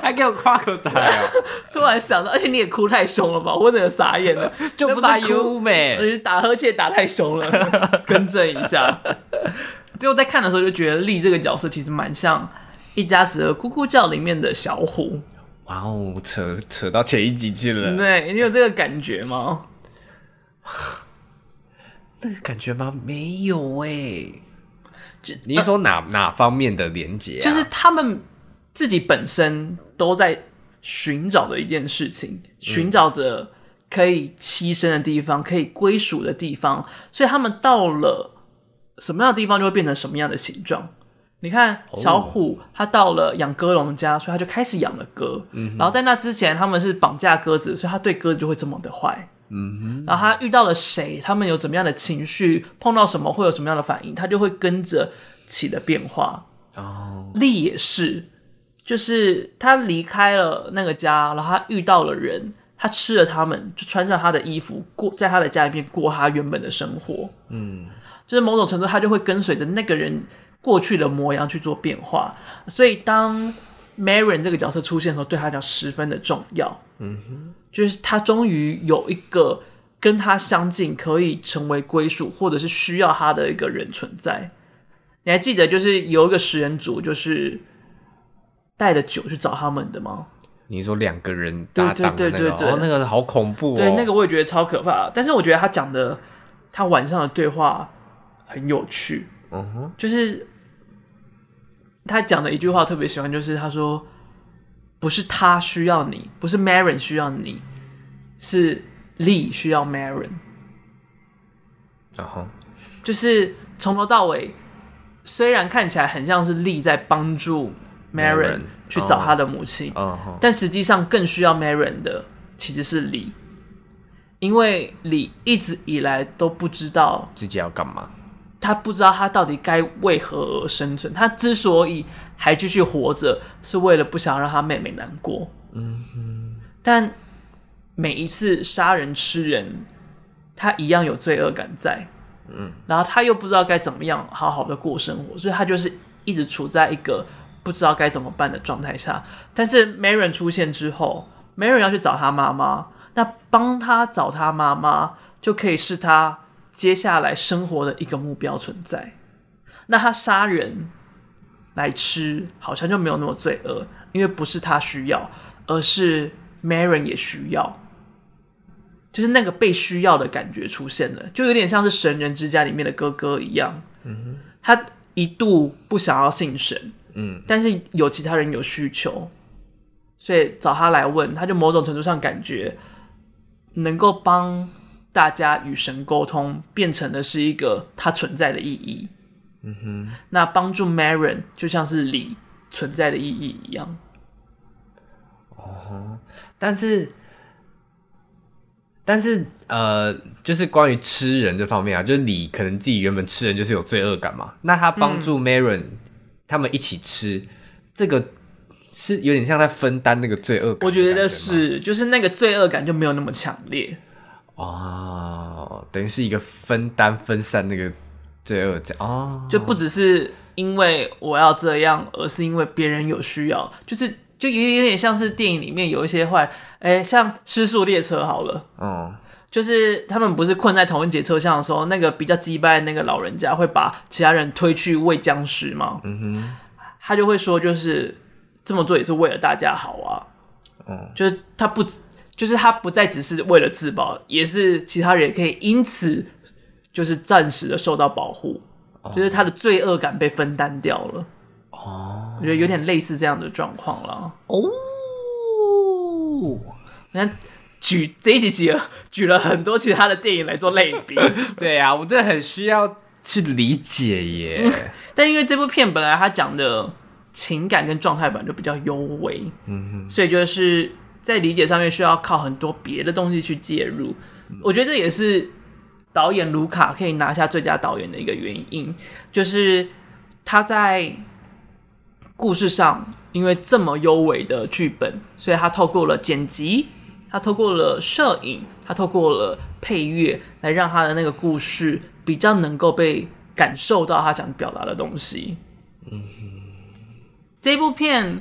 還給我 crocodile！突然想到，而且你也哭太凶了吧？我真的傻眼了， 就不太優美。 打呵欠打太凶了，更正一下。 最後在看的時候就覺得李這個角色其實蠻像《一家子的咕咕叫》裡面的小虎。哇、wow, 哦，扯扯到前一集去了。對，你有這個感覺嗎？ 那個感覺嗎？沒有誒、欸。你是說哪、呃、哪方面的連接、啊？就是他們自己本身都在尋找的一件事情，尋找着可以棲身的地方，嗯、可以歸屬的地方。所以他們到了什麼樣的地方，就會變成什麼樣的形狀。你看，oh. 小虎他到了養鴿籠家，所以他就開始養了鴿。嗯、mm -hmm.，然後在那之前，他們是綁架鴿子，所以他對鴿子就會這麼的壞。嗯、mm -hmm.，然後他遇到了誰，他們有怎麼樣的情緒，碰到什麼會有什麼樣的反應，他就會跟着起了變化。哦，李也是，就是他離開了那個家，然後他遇到了人，他吃了他們，就穿上他的衣服，過在他的家裡面過他原本的生活。嗯、mm -hmm.，就是某種程度，他就會跟隨着那個人，過去的模樣去做變化，所以當 Maren 這個角色出現的時候，對他講十分的重要。嗯哼，就是他終於有一個跟他相近，可以成為歸屬或者是需要他的一個人存在。你還記得就是有一個食人族，就是帶着酒去找他們的嗎？你說兩個人搭檔，那個，對對對，對，對哦，那個好恐怖，哦，對，那個我也覺得超可怕。但是我覺得他講的，他晚上的對話很有趣。嗯哼，就是。他講的一句話特別喜歡，就是他說：“不是他需要你，不是 Marin 需要你，是 Lee 需要 Marin。”然後就是從頭到尾，雖然看起來很像是 Lee 在幫助 Marin 去找他的母親，uh -huh. Uh -huh. 但實際上更需要 Marin 的其實是 Lee，因為 Lee 一直以來都不知道自己要幹嘛。他不知道他到底該為何而生存。他之所以還繼續活着，是為了不想讓他妹妹難過。嗯，但每一次殺人吃人，他一樣有罪惡感在。嗯，然後他又不知道該怎麼樣好好的過生活，所以他就是一直處在一個不知道該怎麼辦的狀態下。但是 Maren 出現之後，Maren 要去找他媽媽，那幫他找他媽媽就可以是他。接下來生活的一個目標存在，那他殺人來吃，好像就沒有那麼罪惡，因為不是他需要，而是 Maren 也需要，就是那個被需要的感覺出現了，就有點像是《神人之家》裡面的哥哥一樣。他一度不想要信神，嗯，但是有其他人有需求，所以找他來問，他就某種程度上感覺能夠幫。大家與神溝通變成的是一個它存在的意義，嗯哼、那幫助 Marin 就像是李存在的意義一樣，哦。但是，但是呃，就是關於吃人這方面啊，就是李可能自己原本吃人就是有罪惡感嘛。那他幫助 Marin、嗯、他們一起吃，這個是有點像在分擔那個罪惡感的感覺嗎？我覺得是，就是那個罪惡感就沒有那麼強烈。哦，等於是一個分擔分散那個罪惡感哦，就不只是因為我要這樣，而是因為別人有需要，就是就有點有點像是電影裡面有一些壞，哎、欸，像失速列車好了，嗯。就是他們不是困在同一節車廂的時候，那個比較雞掰的那個老人家會把其他人推去餵殭屍嗎？嗯哼，他就會說，就是這麼做也是為了大家好啊，嗯、就是他不。就是他不再只是為了自保，也是其他人可以因此就是暫時的受到保護，oh. 就是他的罪惡感被分擔掉了。哦、oh.，我覺得有點類似這樣的狀況、oh. 了。哦，你看舉這一集集舉了很多其他的電影來做類比， 對啊，我真的很需要去理解耶。 但因為這部片本來他講的情感跟狀態本來就比較幽微，嗯哼，所以就是。在理解上面需要靠很多別的東西去介入，我覺得這也是導演盧卡可以拿下最佳導演的一個原因，就是他在故事上，因為這麼幽微的劇本，所以他透過了剪輯，他透過了攝影，他透過了配樂，來讓他的那個故事比較能夠被感受到他想表達的東西。嗯，這部片。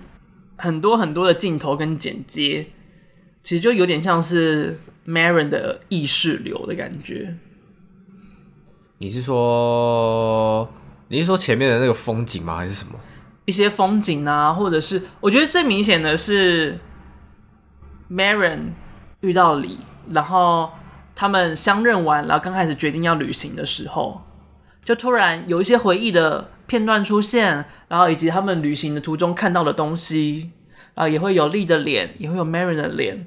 很多很多的鏡頭跟剪接，其實就有點像是 Marin 的意識流的感覺。你是說，你是說前面的那個風景嗎？還是什麼？一些風景啊，或者是我覺得最明顯的是 Marin 遇到李，然後他們相認完，然後剛開始決定要旅行的時候，就突然有一些回憶的。片段出現，然後以及他們旅行的途中看到的東西，然後也會有李的臉，也會有梅倫的臉，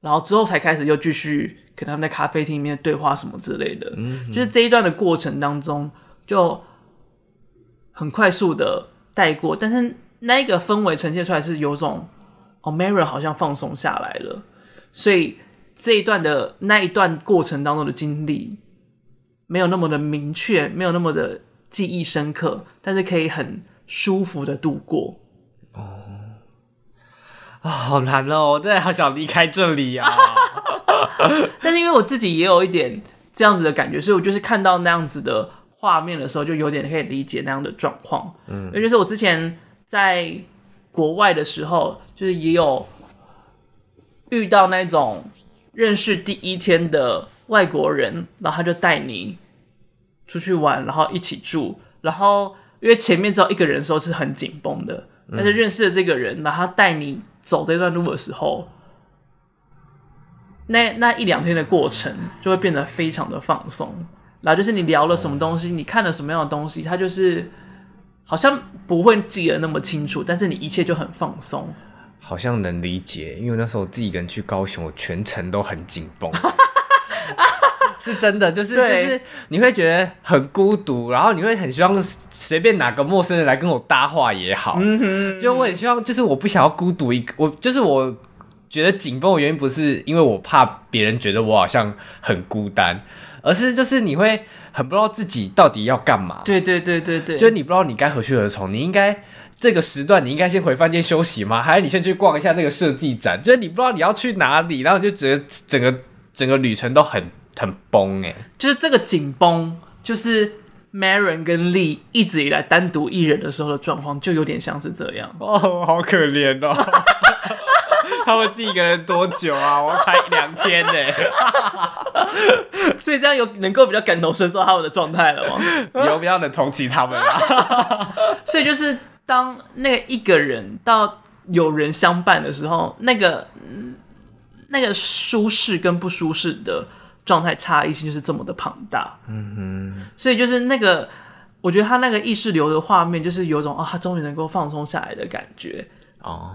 然後之後才開始又繼續跟他們在咖啡廳裡面對話什麼之類的，嗯嗯，就是這一段的過程當中就很快速的帶過，但是那個氛圍呈現出來是有種哦、oh，梅倫好像放鬆下來了，所以這一段的那一段過程當中的經歷沒有那麼的明確，沒有那麼的。記憶深刻，但是可以很舒服的度過、嗯。哦，好難哦！我真的好想離開這裡啊！ 但是因為我自己也有一點這樣子的感覺，所以我就是看到那樣子的畫面的時候，就有點可以理解那樣的狀況。嗯，尤其是我之前在國外的時候，就是也有遇到那種認識第一天的外國人，然後他就帶你。出去玩，然後一起住，然後因為前面只有一個人的時候是很緊繃的，但是認識了這個人，嗯、然後他帶你走這段路的時候，那那一兩天的過程就會變得非常的放鬆。然後就是你聊了什麼東西，哦，你看了什麼樣的東西，他就是好像不會記得那麼清楚，但是你一切就很放鬆。好像能理解，因為那時候我自己一個人去高雄，我全程都很緊繃。 是真的，就是就是你會覺得很孤獨，然後你會很希望隨便哪個陌生人來跟我搭話也好，嗯哼，就我很希望，就是我不想要孤獨一個，我就是我覺得緊繃的原因不是因為我怕別人覺得我好像很孤單，而是就是你會很不知道自己到底要幹嘛，對對對對對，就是你不知道你該何去何從，你應該這個時段你應該先回飯店休息嗎？還是你先去逛一下那個設計展？就是你不知道你要去哪裡，然後你就覺得整個整個旅程都很。很崩哎、欸，就是這個緊繃，就是 Maren 跟 Lee 一直以來單獨一人的時候的狀況，就有點像是這樣。Oh, 哦，好可憐哦！他們自己一個人多久啊？我才兩天呢、欸。 所以這樣有能夠比較感同身受他們的狀態了嗎？有比較能同情他們啊。所以就是當那個一個人到有人相伴的時候，那個那個舒適跟不舒適的。狀態差異性就是這麼的龐大，嗯哼，所以就是那個，我覺得他那個意識流的畫面，就是有一種啊，他終於能夠放鬆下來的感覺哦。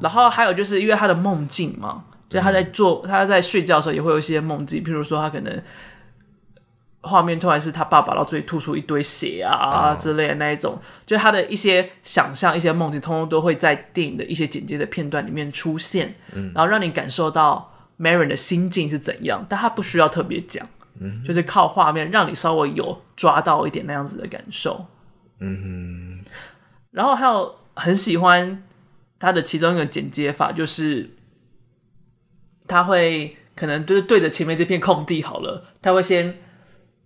然後還有就是因為他的夢境嘛，就是、他在做、嗯、他在睡覺的時候也會有一些夢境，譬如說他可能畫面突然是他爸爸到嘴裡吐出一堆血啊啊、哦、之類的那一種，就他的一些想象、一些夢境，通通都會在電影的一些剪接的片段裡面出現，嗯、然後讓你感受到。Maren 的心境是怎樣？但他不需要特別講，嗯，就是靠畫面讓你稍微有抓到一點那樣子的感受。嗯哼，然後還有很喜歡他的其中一個剪接法，就是他會可能就是對着前面這片空地好了，他會先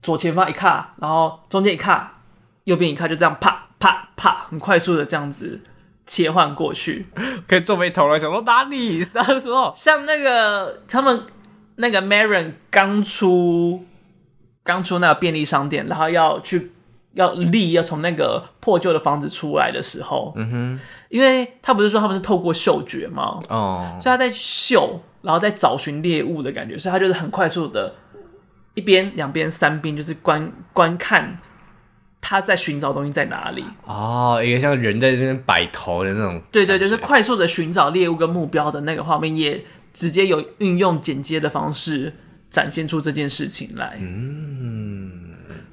左前方一看，然後中間一看，右邊一看，就這樣啪啪啪，啪，很快速的這樣子切換過去，可以皺眉頭了。想說哪裡？他說：“像那個他們那個 Maren 剛出剛出那個便利商店，然後要去要立要從那個破舊的房子出來的時候，嗯哼，因為他不是說他不是透過嗅覺嗎？哦，所以他在嗅，然後在找尋獵物的感覺，所以他就是很快速的一邊、兩邊、三邊，就是觀觀看。”他在尋找東西在哪裡？哦，一個像人在那邊擺頭的那種，對,對對，就是快速的尋找獵物跟目標的那個畫面，也直接有運用剪接的方式展現出這件事情來。嗯，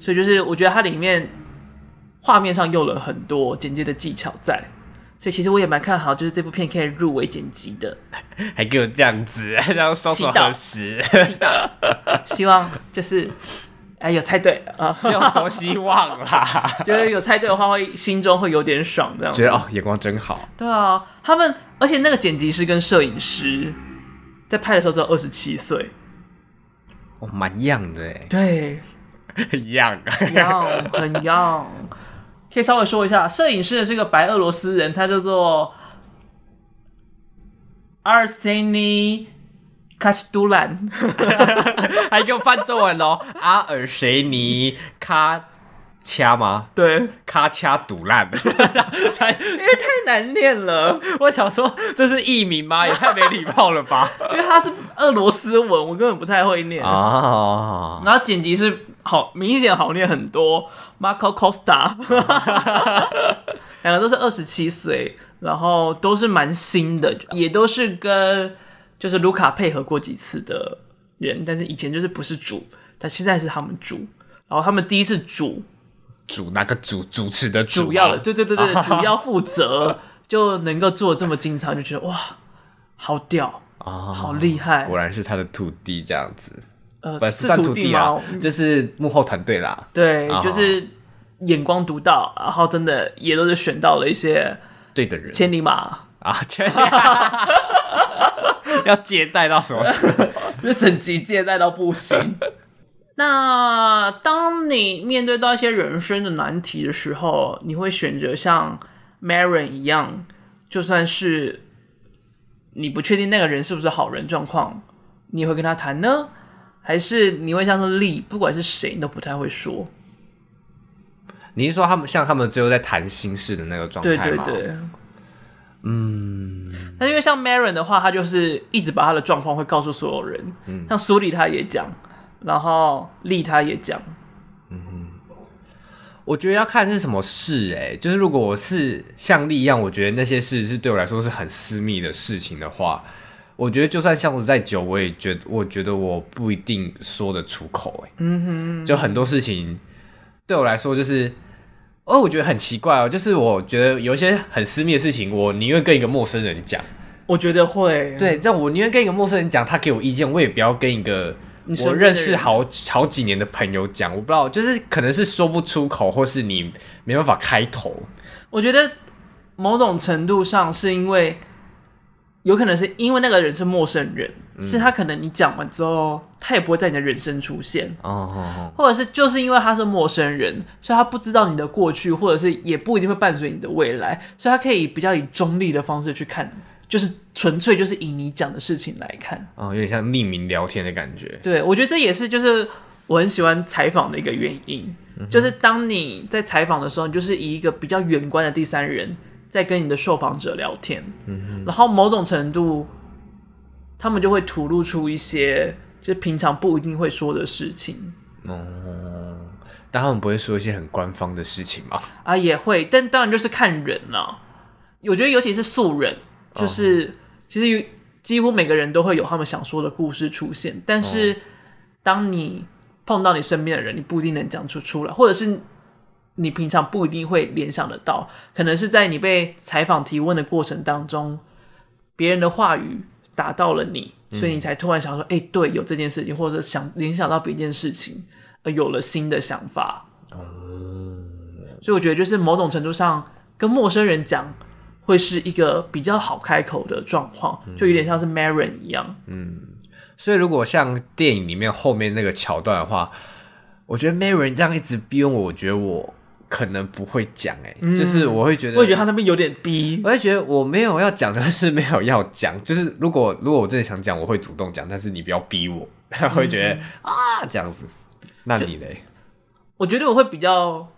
所以就是我覺得它裡面畫面上用了很多剪接的技巧在，所以其實我也蠻看好，就是這部片可以入圍剪輯的，還給我這樣子，這樣雙手合十，希望就是。哎，有猜對啊！有好多希望啦，就 是有猜對的話，會心中會有點爽，這樣。覺得哦，眼光真好。對啊，他們，而且那個剪輯師跟攝影師，在拍的時候只有二十七歲，哦，蠻 young 的。對，很 young，很 young，很 young。 可以稍微說一下，攝影師是一個白俄羅斯人，他叫做 Arseny。卡西獨爛，還給我翻中文咯？阿爾謝尼卡恰嗎？對，卡恰獨爛，因為太難念了。我想說，這是藝名嗎？也太沒禮貌了吧？ 因為他是俄羅斯文，我根本不太會念啊。Oh. 然後剪輯是好明顯，好念很多。Marco Costa，兩 個都是二十七歲，然後都是蠻新的，也都是跟。就是盧卡配合過幾次的人，但是以前就是不是主，但現在是他們主。然後他們第一次主，主那個主，主持的主，啊，主要的，對對對對， 主要負責就能夠做這麼精彩， 就覺得哇，好屌啊，哦，好厲害，果然是他的徒弟這樣子，呃，算徒弟是徒弟嗎？就是幕後團隊啦。對，哦，就是眼光獨到，然後真的也都是選到了一些對的人，千里馬啊，千里馬。 要接待到什麼？就整集接待到不行。 那當你面對到一些人生的難題的時候，你會選擇像 Maren 一樣，就算是你不確定那個人是不是好人、狀況，你也會跟他談呢？還是你會像是李不管是誰，你都不太會說？你是說他們像他們最後在談心事的那個狀態嗎？對對對。嗯，那因為像 Maren 的話，他就是一直把他的狀況會告訴所有人。嗯，像蘇里他也講，然後李他也講。嗯哼，我覺得要看是什麼事哎、欸，就是如果我是像李一樣，我覺得那些事是對我來說是很私密的事情的話，我覺得就算相處再久，我也覺我覺得我不一定說得出口哎、欸。嗯哼，就很多事情對我來說就是。哦，我覺得很奇怪哦，就是我覺得有一些很私密的事情，我寧願跟一個陌生人講。我覺得會對，但我寧願跟一個陌生人講，他給我意見，我也不要跟一個我認識好好幾年的朋友講。我不知道，就是可能是說不出口，或是你沒辦法開頭。我覺得某種程度上是因為，有可能是因為那個人是陌生人，嗯、是他可能你講完之後。他也不會在你的人生出現，哦、oh, oh,，oh. 或者是就是因為他是陌生人，所以他不知道你的過去，或者是也不一定會伴隨你的未來，所以他可以比較以中立的方式去看，就是純粹就是以你講的事情來看，哦、oh,，有點像匿名聊天的感覺。對，我覺得這也是就是我很喜歡採訪的一個原因，mm -hmm. 就是當你在採訪的時候，你就是以一個比較遠觀的第三人，在跟你的受訪者聊天，嗯、mm -hmm.，然後某種程度，他們就會吐露出一些。就平常不一定會說的事情嗯，但他們不會說一些很官方的事情嗎？啊，也會，但當然就是看人了、啊。我覺得尤其是素人，就是、嗯、其實幾乎每個人都會有他們想說的故事出現，但是、嗯、當你碰到你身邊的人，你不一定能講出出來，或者是你平常不一定會聯想得到，可能是在你被採訪提問的過程當中，別人的話語達到了你。所以你才突然想說，哎、嗯欸，對，有這件事情，或者想聯想到別一件事情，呃，有了新的想法，嗯。所以我覺得就是某種程度上跟陌生人講會是一個比較好開口的狀況，就有點像是 Maren 一樣，嗯。嗯，所以如果像電影裡面後面那個橋段的話，我覺得 Maren 這樣一直逼問我，我覺得我。可能不會講、欸，哎、嗯，就是我會覺得，我覺得他那邊有點逼，我會覺得我沒有要講，但是沒有要講，就是如果如果我真的想講，我會主動講，但是你不要逼我，我會覺得、嗯、啊這樣子。那你嘞？我覺得我會比較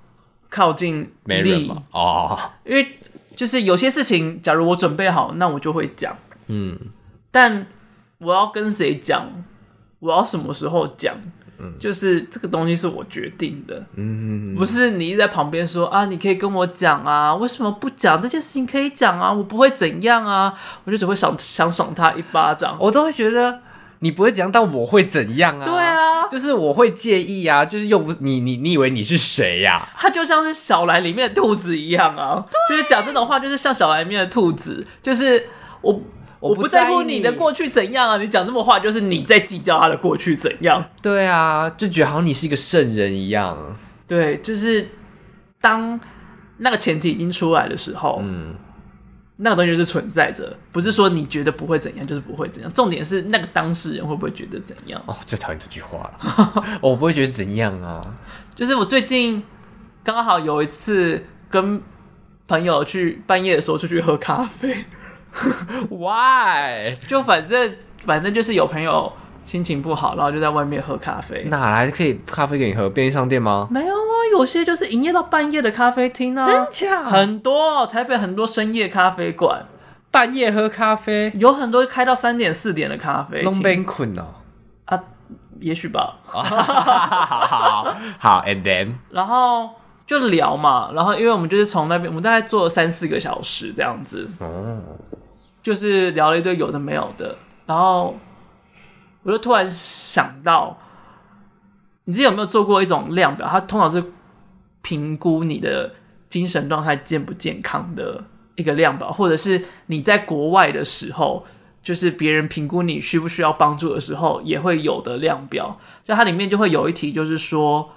靠近梅倫嘛。哦，因為就是有些事情，假如我準備好，那我就會講，嗯，但我要跟誰講，我要什麼時候講？就是這個東西是我決定的，嗯，不是你一直在旁邊說啊，你可以跟我講啊，為什麼不講？這件事情可以講啊，我不會怎樣啊，我就只會想想爽他一巴掌，我都會覺得你不會怎樣，但我會怎樣啊？對啊，就是我會介意啊，就是用你你你以為你是誰呀，啊？他就像是小來裡面的兔子一樣啊，對啊，就是講這種話，就是像小來裡面的兔子，就是我。我不，我不在乎你的過去怎樣啊！你講這麼話，就是你在計較他的過去怎樣。對啊，就覺得好像你是一個聖人一樣。對，就是當那個前提已經出來的時候，嗯，那個東西就是存在着，不是說你覺得不會怎樣，就是不會怎樣。重點是那個當事人會不會覺得怎樣？哦，最討厭這句話了、 哦。我不會覺得怎樣啊，就是我最近剛好有一次跟朋友去半夜的時候出去喝咖啡。 Why？就反正反正就是有朋友心情不好，然後就在外面喝咖啡。那還可以咖啡給你喝？便利商店嗎？沒有啊，有些就是營業到半夜的咖啡廳啊。真假？很多台北很多深夜咖啡館，半夜喝咖啡，有很多開到三點四點的咖啡。攏變困哦。啊，也許吧。 好好，好，好， 好 and then，然後就聊嘛。然後因為我們就是從那邊，我們大概坐了三四個小時這樣子。哦、嗯。就是聊了一堆有的沒有的，然後我就突然想到，你自己有沒有做過一種量表？它通常是評估你的精神狀態健不健康的一個量表，或者是你在國外的時候，就是別人評估你需不需要幫助的時候也會有的量表。就它裡面就會有一題，就是說，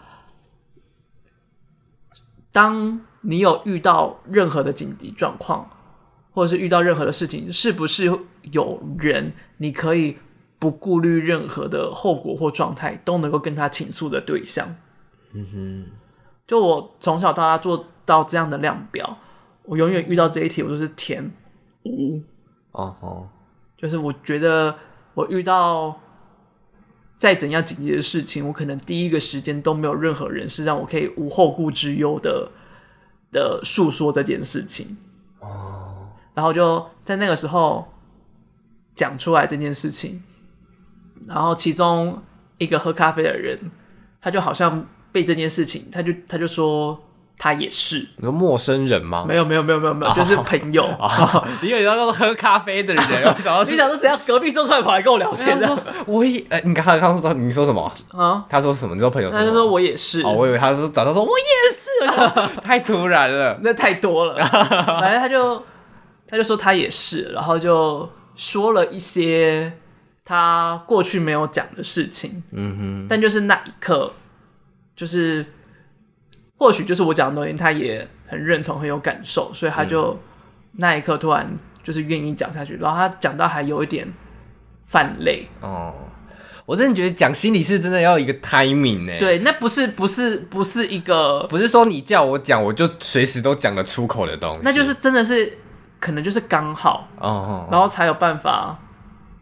當你有遇到任何的緊急狀況。或者是遇到任何的事情，是不是有人你可以不顧慮任何的後果或狀態，都能夠跟他傾訴的對象？嗯哼，就我從小到大做到這樣的量表，我永遠遇到這一題，嗯、我都是填五。哦哦、啊，就是我覺得我遇到再怎樣緊急的事情，我可能第一個時間都沒有任何人是讓我可以無後顧之憂的的訴說這件事情。哦、啊。然後就在那個時候講出來這件事情，然後其中一個喝咖啡的人，他就好像被這件事情，他就他就說他也是。你說陌生人嗎？沒有沒有沒有沒有沒有、啊，就是朋友啊，一個那個喝咖啡的人，啊、想你想想說，怎樣隔壁坐出來跑來跟我聊天的 我也你剛剛剛說你說什麼啊？他說什麼？你說朋友？他就說我也是。哦，我以為他是找他說我也是，啊、 太突然了，那太多了。反正他就。他就說他也是，然後就說了一些他過去沒有講的事情。嗯哼，但就是那一刻，就是或許就是我講的東西，他也很認同，很有感受，所以他就、嗯、那一刻突然就是願意講下去。然後他講到還有一點泛類淚哦。我真的覺得講心理是真的要一個 timing 呢。對，那不是不是不是一個，不是說你叫我講，我就隨時都講得出口的東西，那就是真的是。可能就是剛好，oh, oh, oh. 然後才有辦法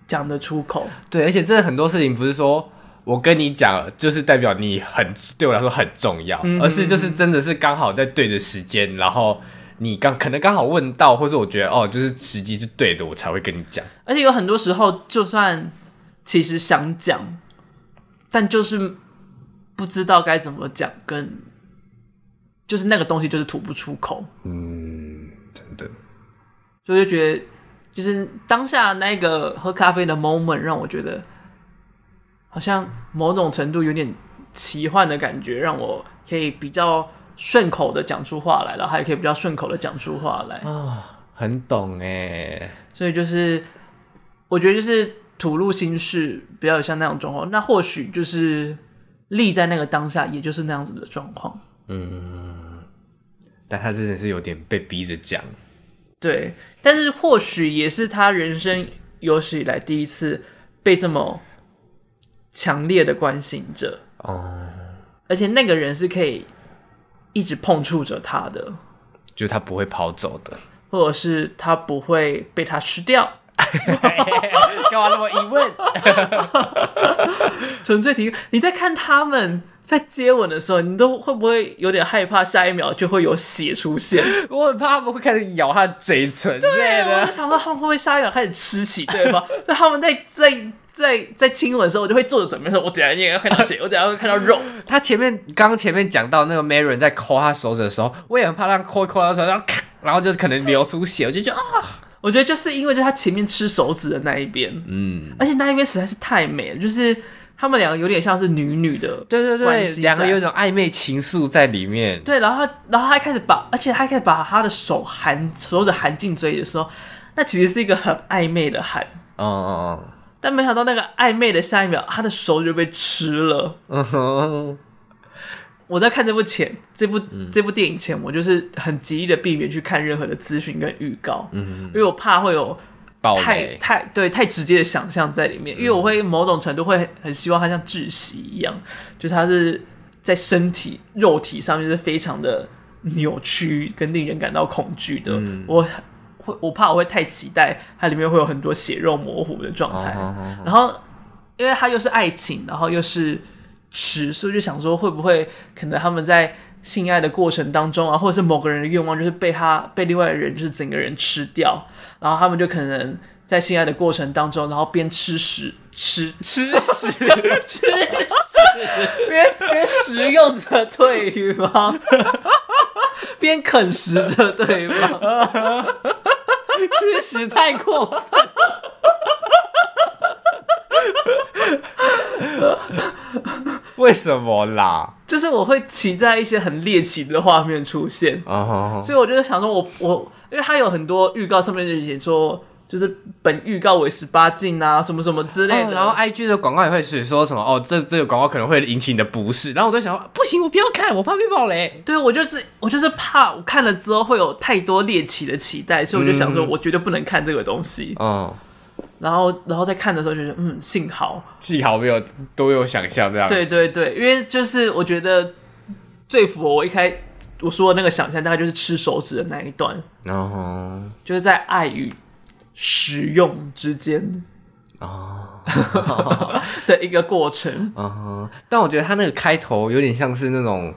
講得出口。對，而且真的很多事情不是說我跟你講，就是代表你很對我來說很重要，嗯，而是就是真的是剛好在對的時間，嗯，然後你剛可能剛好問到，或者我覺得哦，就是時機是對的，我才會跟你講。而且有很多時候，就算其實想講，但就是不知道該怎麼講，跟就是那個東西就是吐不出口。嗯，真的。所以就覺得，就是當下那個喝咖啡的 moment，讓我覺得好像某種程度有點奇幻的感覺，讓我可以比較順口的講出話來，然後還可以比較順口的講出話來啊、哦，很懂誒，所以就是我覺得就是吐露心事比較有像那種狀況，那或許就是李在那個當下，也就是那樣子的狀況。嗯，但他真的是有點被逼着講。對，但是或許也是他人生有史以來第一次被這麼強烈的關心着哦、嗯，而且那個人是可以一直碰觸着他的，就他不會跑走的，或者是他不會被他吃掉。幹 嘛那麼疑問？純 粹提問，你在看他們？在接吻的時候，你都會不會有點害怕，下一秒就會有血出現？ 我很怕他們會開始咬他的嘴唇，對，我想到他們會不會下一秒開始吃血，對嗎？那 他們在在在在，在親吻的時候，我就會做着準備說，我等下應該要看到血，我等下會看到肉。 他前面剛，剛前面講到那個 Maren 在摳他手指的時候，我也很怕他摳摳他手指的時候，然後咔然後就是可能流出血，我就覺得啊，我覺得就是因為就他前面吃手指的那一邊，嗯，而且那一邊實在是太美了，就是。他們兩個有點像是女女的，對對對，兩個有一種曖昧情愫在裡面。對，然後，然後他開始把，而且他開始把他的手含，手指含進嘴的時候，那其實是一個很曖昧的含。哦哦哦。但沒想到那個曖昧的下一秒，他的手就被吃了。Oh. 我在看這部前，這部、嗯、這部電影前，我就是很極力的避免去看任何的資訊跟預告、嗯，因為我怕會有。太太對太直接的想象在裡面，因為我會某種程度會很希望它，像窒息一樣，就是它是在身體肉體上面是非常的扭曲跟令人感到恐懼的。嗯、我會我怕我會太期待它裡面會有很多血肉模糊的狀態，好好好好，然後因為它又是愛情，然後又是吃，所以就想說會不會可能他們在。性愛的過程當中啊，或者是某個人的願望，就是被他被另外的人，就是整個人吃掉，然後他們就可能在性愛的過程當中，然後邊吃食吃吃食吃食，邊 邊食用着對方？邊啃食着對方？ 吃食太過分。 為什麼啦？就是我會期待一些很獵奇的畫面出現，uh -huh. 所以我就想說我，我我，因為它有很多預告，上面就寫說，就是本預告為十八禁啊，什麼什麼之類的。Oh, 然後 I G 的廣告也會寫說什麼，哦，這這個廣告可能會引起你的不適。然後我就想說，不行，我不要看，我怕被暴雷。對我就是我就是怕我看了之後會有太多獵奇的期待，所以我就想說，我絕對不能看這個東西。哦、嗯 oh. 然後，然後在看的時候覺得，就是嗯，幸好，幸好沒有都有想象這樣。對對對，因為就是我覺得最符合我一開我說的那個想象，大概就是吃手指的那一段。然、oh. 就是在愛與食用之間哦、oh. ，的一個過程。Oh. Oh. Oh. Oh. 但我覺得他那個開頭有點像是那種。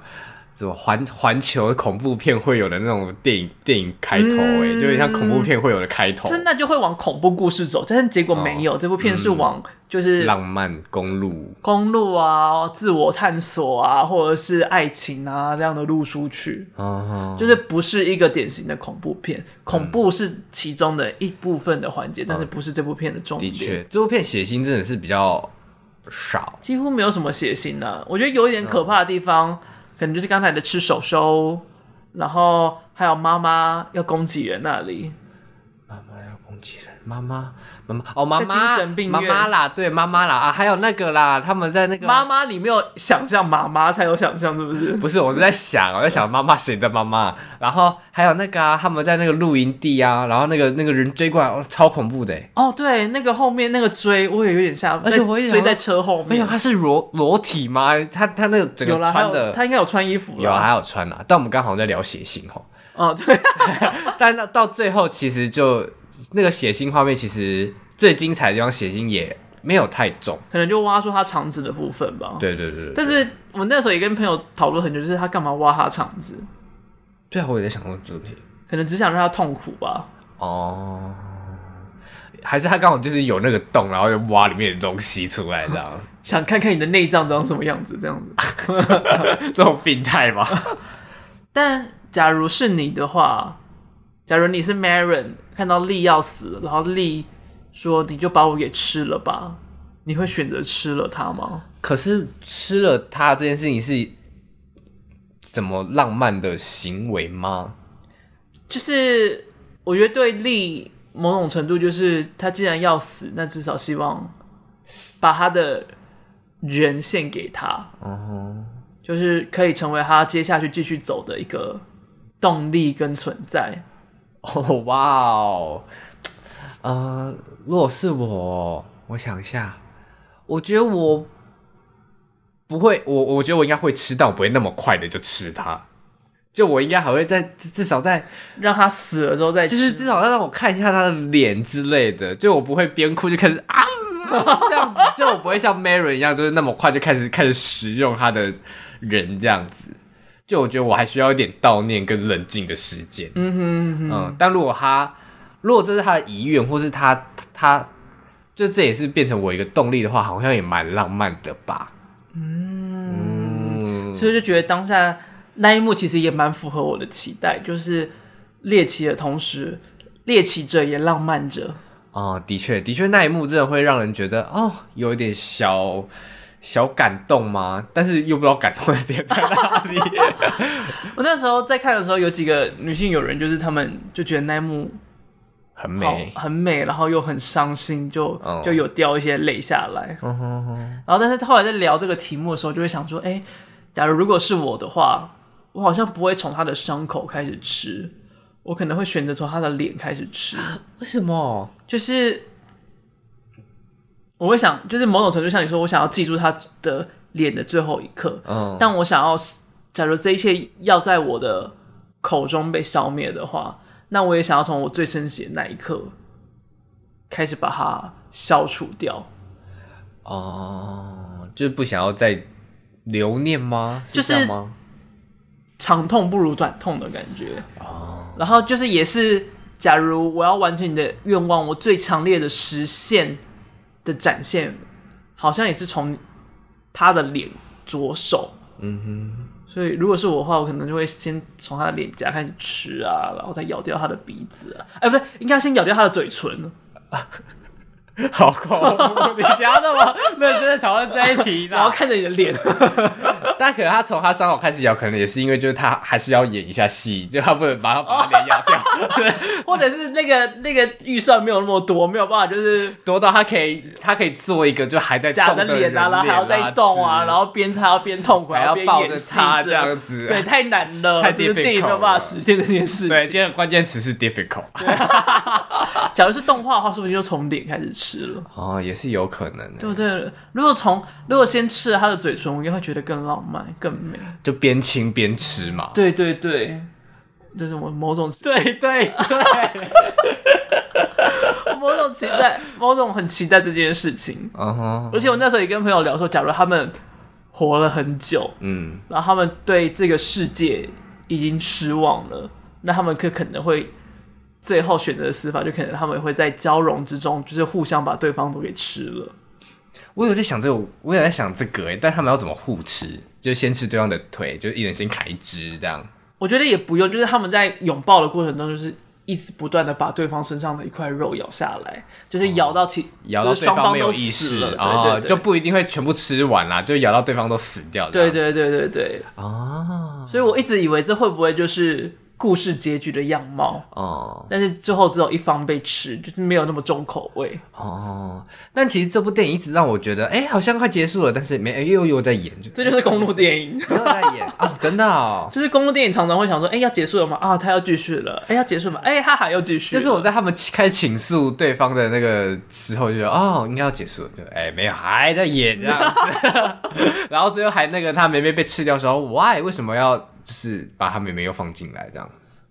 什麼環環球恐怖片會有的那種電影電影開頭哎、欸嗯，就是像恐怖片會有的開頭，真的就會往恐怖故事走，但是結果沒有。哦、這部片是往、嗯、就是浪漫公路、公路啊、自我探索啊，或者是愛情啊這樣的路書去、哦，就是不是一個典型的恐怖片，嗯、恐怖是其中的一部分的環節、嗯，但是不是這部片的重點。的確、這部片血腥真的是比較少，幾乎沒有什麼血腥的、啊。我覺得有一點可怕的地方。嗯可能就是剛才的吃手手，然後還有媽媽要攻擊人那裡，媽媽要攻擊人，媽媽。媽媽哦，媽媽，媽媽啦，對媽媽啦啊，還有那個啦，他們在那個媽媽裡沒有想象，媽媽才有想象，是不是？ 不是，我是在想，我在想媽媽誰的媽媽？ 然後還有那個、啊、他們在那個露營地啊，然後那個那個人追過來，哦、超恐怖的哦。對，那個後面那個追我也有點嚇，而且我追在，追在車後面。沒有，他是裸裸體嗎？他他那個整個穿的，他應該有穿衣服。有，還有穿啦、啊。但我們剛好在聊血腥哈。哦，對。 但那到最後其實就。那個血腥畫面其實最精彩的地方，血腥也沒有太重，可能就挖出他腸子的部分吧。對對對,對對對。但是我那時候也跟朋友討論很久，就是他幹嘛挖他腸子？對啊，我也在想過這個。可能只想讓他痛苦吧。哦、uh,。還是他剛好就是有那個洞，然後就挖裡面的東西出來，這樣。 想看看你的內臟長什麼樣子，這樣子。 這種病態吧。 但假如是你的話。假如你是 Maren 看到李要死，然後李說：“你就把我給吃了吧。”你會選擇吃了他嗎？可是吃了他這件事情是怎麼浪漫的行為嗎？就是我覺得對李某種程度，就是他既然要死，那至少希望把他的人獻給他，哦、uh-huh。就是可以成為他接下去繼續走的一個動力跟存在。哦哇哦，呃，如果是我，我想一下，我覺得我不會，我我覺得我應該會吃，但我不會那麼快的就吃它，就我應該還會在至少在讓他死了之後再吃，就是至少要讓我看一下他的臉之類的，就我不會邊哭就開始啊 這樣子，就我不會像 Maren 一樣，就是那麼快就開始開始食用他的人這樣子。就我覺得我還需要一點悼念跟冷靜的時間，嗯哼哼嗯嗯，但如果他，如果這是他的遺願，或是他，他就這也是變成我一個動力的話，好像也蠻浪漫的吧，嗯嗯。所以就覺得當下那一幕其實也蠻符合我的期待，就是獵奇的同時獵奇者也浪漫者。哦、嗯、的確的確，那一幕真的會讓人覺得哦，有一點小。小感動嗎？但是又不知道感動的點在哪裡。 我那時候在看的時候，有幾個女性友人，就是他們就覺得那幕很美，很美，然後又很傷心，就、嗯、就有掉一些淚下來。嗯、哼哼然後，但是後來在聊這個題目的時候，就會想說，哎、欸，假如如果是我的話，我好像不會從他的傷口開始吃，我可能會選擇從他的臉開始吃。為什麼？就是。我會想，就是某種程度像你說，我想要記住他的臉的最後一刻。嗯，但我想要，假如這一切要在我的口中被消滅的話，那我也想要從我最深寫那一刻開始把它消除掉。哦、嗯，就是不想要再留念嗎？是這樣嗎？就是嗎？長痛不如短痛的感覺。哦、嗯，然後就是也是，假如我要完成你的願望，我最強烈的實現的展現，好像也是從他的臉着手，嗯哼。所以如果是我的話，我可能就會先從他的臉頰開始吃啊，然後再咬掉他的鼻子啊，哎、欸，不對，應該先咬掉他的嘴唇。 好恐怖！ 你咬的嗎？那你真的討論在一起， 然後看着你的臉。 但可能他從他傷口開始咬，可能也是因為就是他還是要演一下戲，就他不能馬上把他把他臉咬掉。 對，或者是那個那個預算沒有那麼多，沒有辦法，就是多到他可以他可以做一個就還在動的臉、啊、然後還要再動啊，然後邊擦要邊痛苦，還要抱着他這樣，這樣子。對，太難了，太就是自己沒有辦法實現這件事情。對，今天的關鍵詞是 difficult。 假如是動畫的話，說不定就從臉開始吃。吃了哦，也是有可能的。對對，如果從如果先吃了他的嘴唇，我應該會覺得更浪漫，更美。就邊親邊吃嘛。對對對，就是我某種對對對， 某種期待，某種很期待這件事情。Uh-huh. 而且我那時候也跟朋友聊說，假如他們活了很久，嗯，然後他們對這個世界已經失望了，那他們可可能會。最後選擇的死法，就可能他們會在交融之中，就是互相把對方都給吃了。我有在想這個，我有在想這個，哎，但他們要怎麼互吃？就先吃對方的腿，就一人先砍一隻，這樣。我覺得也不用，就是他們在擁抱的過程中，就是一直不斷的把對方身上的一塊肉咬下來，就是咬到其、嗯、咬到對方沒有意識，啊、就是哦對對對哦，就不一定會全部吃完啦、啊，就咬到對方都死掉。對對對對對，對，啊、哦，所以我一直以為這會不會就是。故事結局的樣貌哦，但是最後只有一方被吃，就是沒有那麼重口味哦。但其實這部電影一直讓我覺得，哎、欸，好像快結束了，但是沒，又又在演，這就是公路電影，欸就是、又在演啊、 哦！真的、哦，就是公路電影常常會想說，哎、欸，要結束了嗎啊、哦，他要繼續了，哎、欸，要結束了嗎？哎、欸，哈哈，要繼續。就是我在他們開始傾訴對方的那個時候，就說，哦，應該要結束了，就哎、欸，沒有，還在演這樣。 然後最後還那個他妹妹被吃掉的時候，why？為什麼要？就是把她妹妹又放進來，這樣。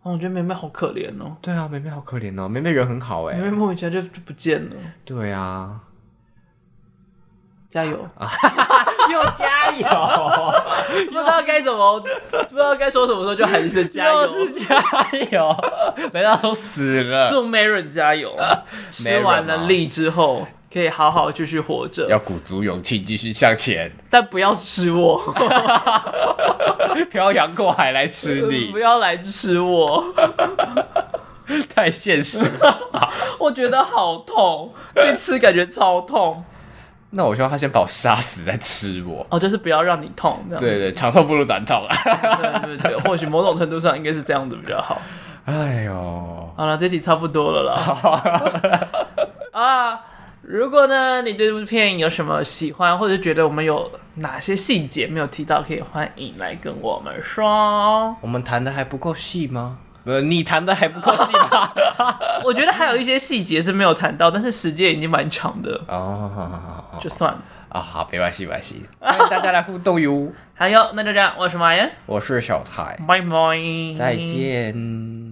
哦，我覺得妹妹好可憐哦。對啊，妹妹好可憐哦。妹妹人很好哎、欸。妹妹摸一下就就不見了。對啊，加油啊！啊 又加油， 不知道該怎麼， 不知道該說什麼時候，就喊一聲加油，又是加油。梅 到都死了，祝梅倫加油、呃沒。吃完了李之後。可以好好繼續活着，要鼓足勇氣繼續向前，但不要吃我。飄 洋 過海來吃你，不要來吃我。 太現實了， 好 我覺得好痛，被吃感覺超痛。 那我希望他先把我殺死再吃我。哦，就是不要讓你痛。對，對對，長痛不如短痛，啊。 對對對，或許某種程度上應該是這樣子比較好。哎呦，好了，這集差不多了啦。好好 啊。如果呢，你對這部片有什麼喜歡，或者覺得我們有哪些細節沒有提到，可以歡迎來跟我們說、哦。我們談的還不夠細嗎？不、呃，是你談的還不夠細嗎？ 我覺得還有一些細節是沒有談到，但是時間已經蠻長的啊、 哦。好好好好，就算啊、哦，好沒關係，沒關係。 歡迎大家來互動喲。 還有，那就這樣。我是麥恩，我是小蔡，拜拜，再見。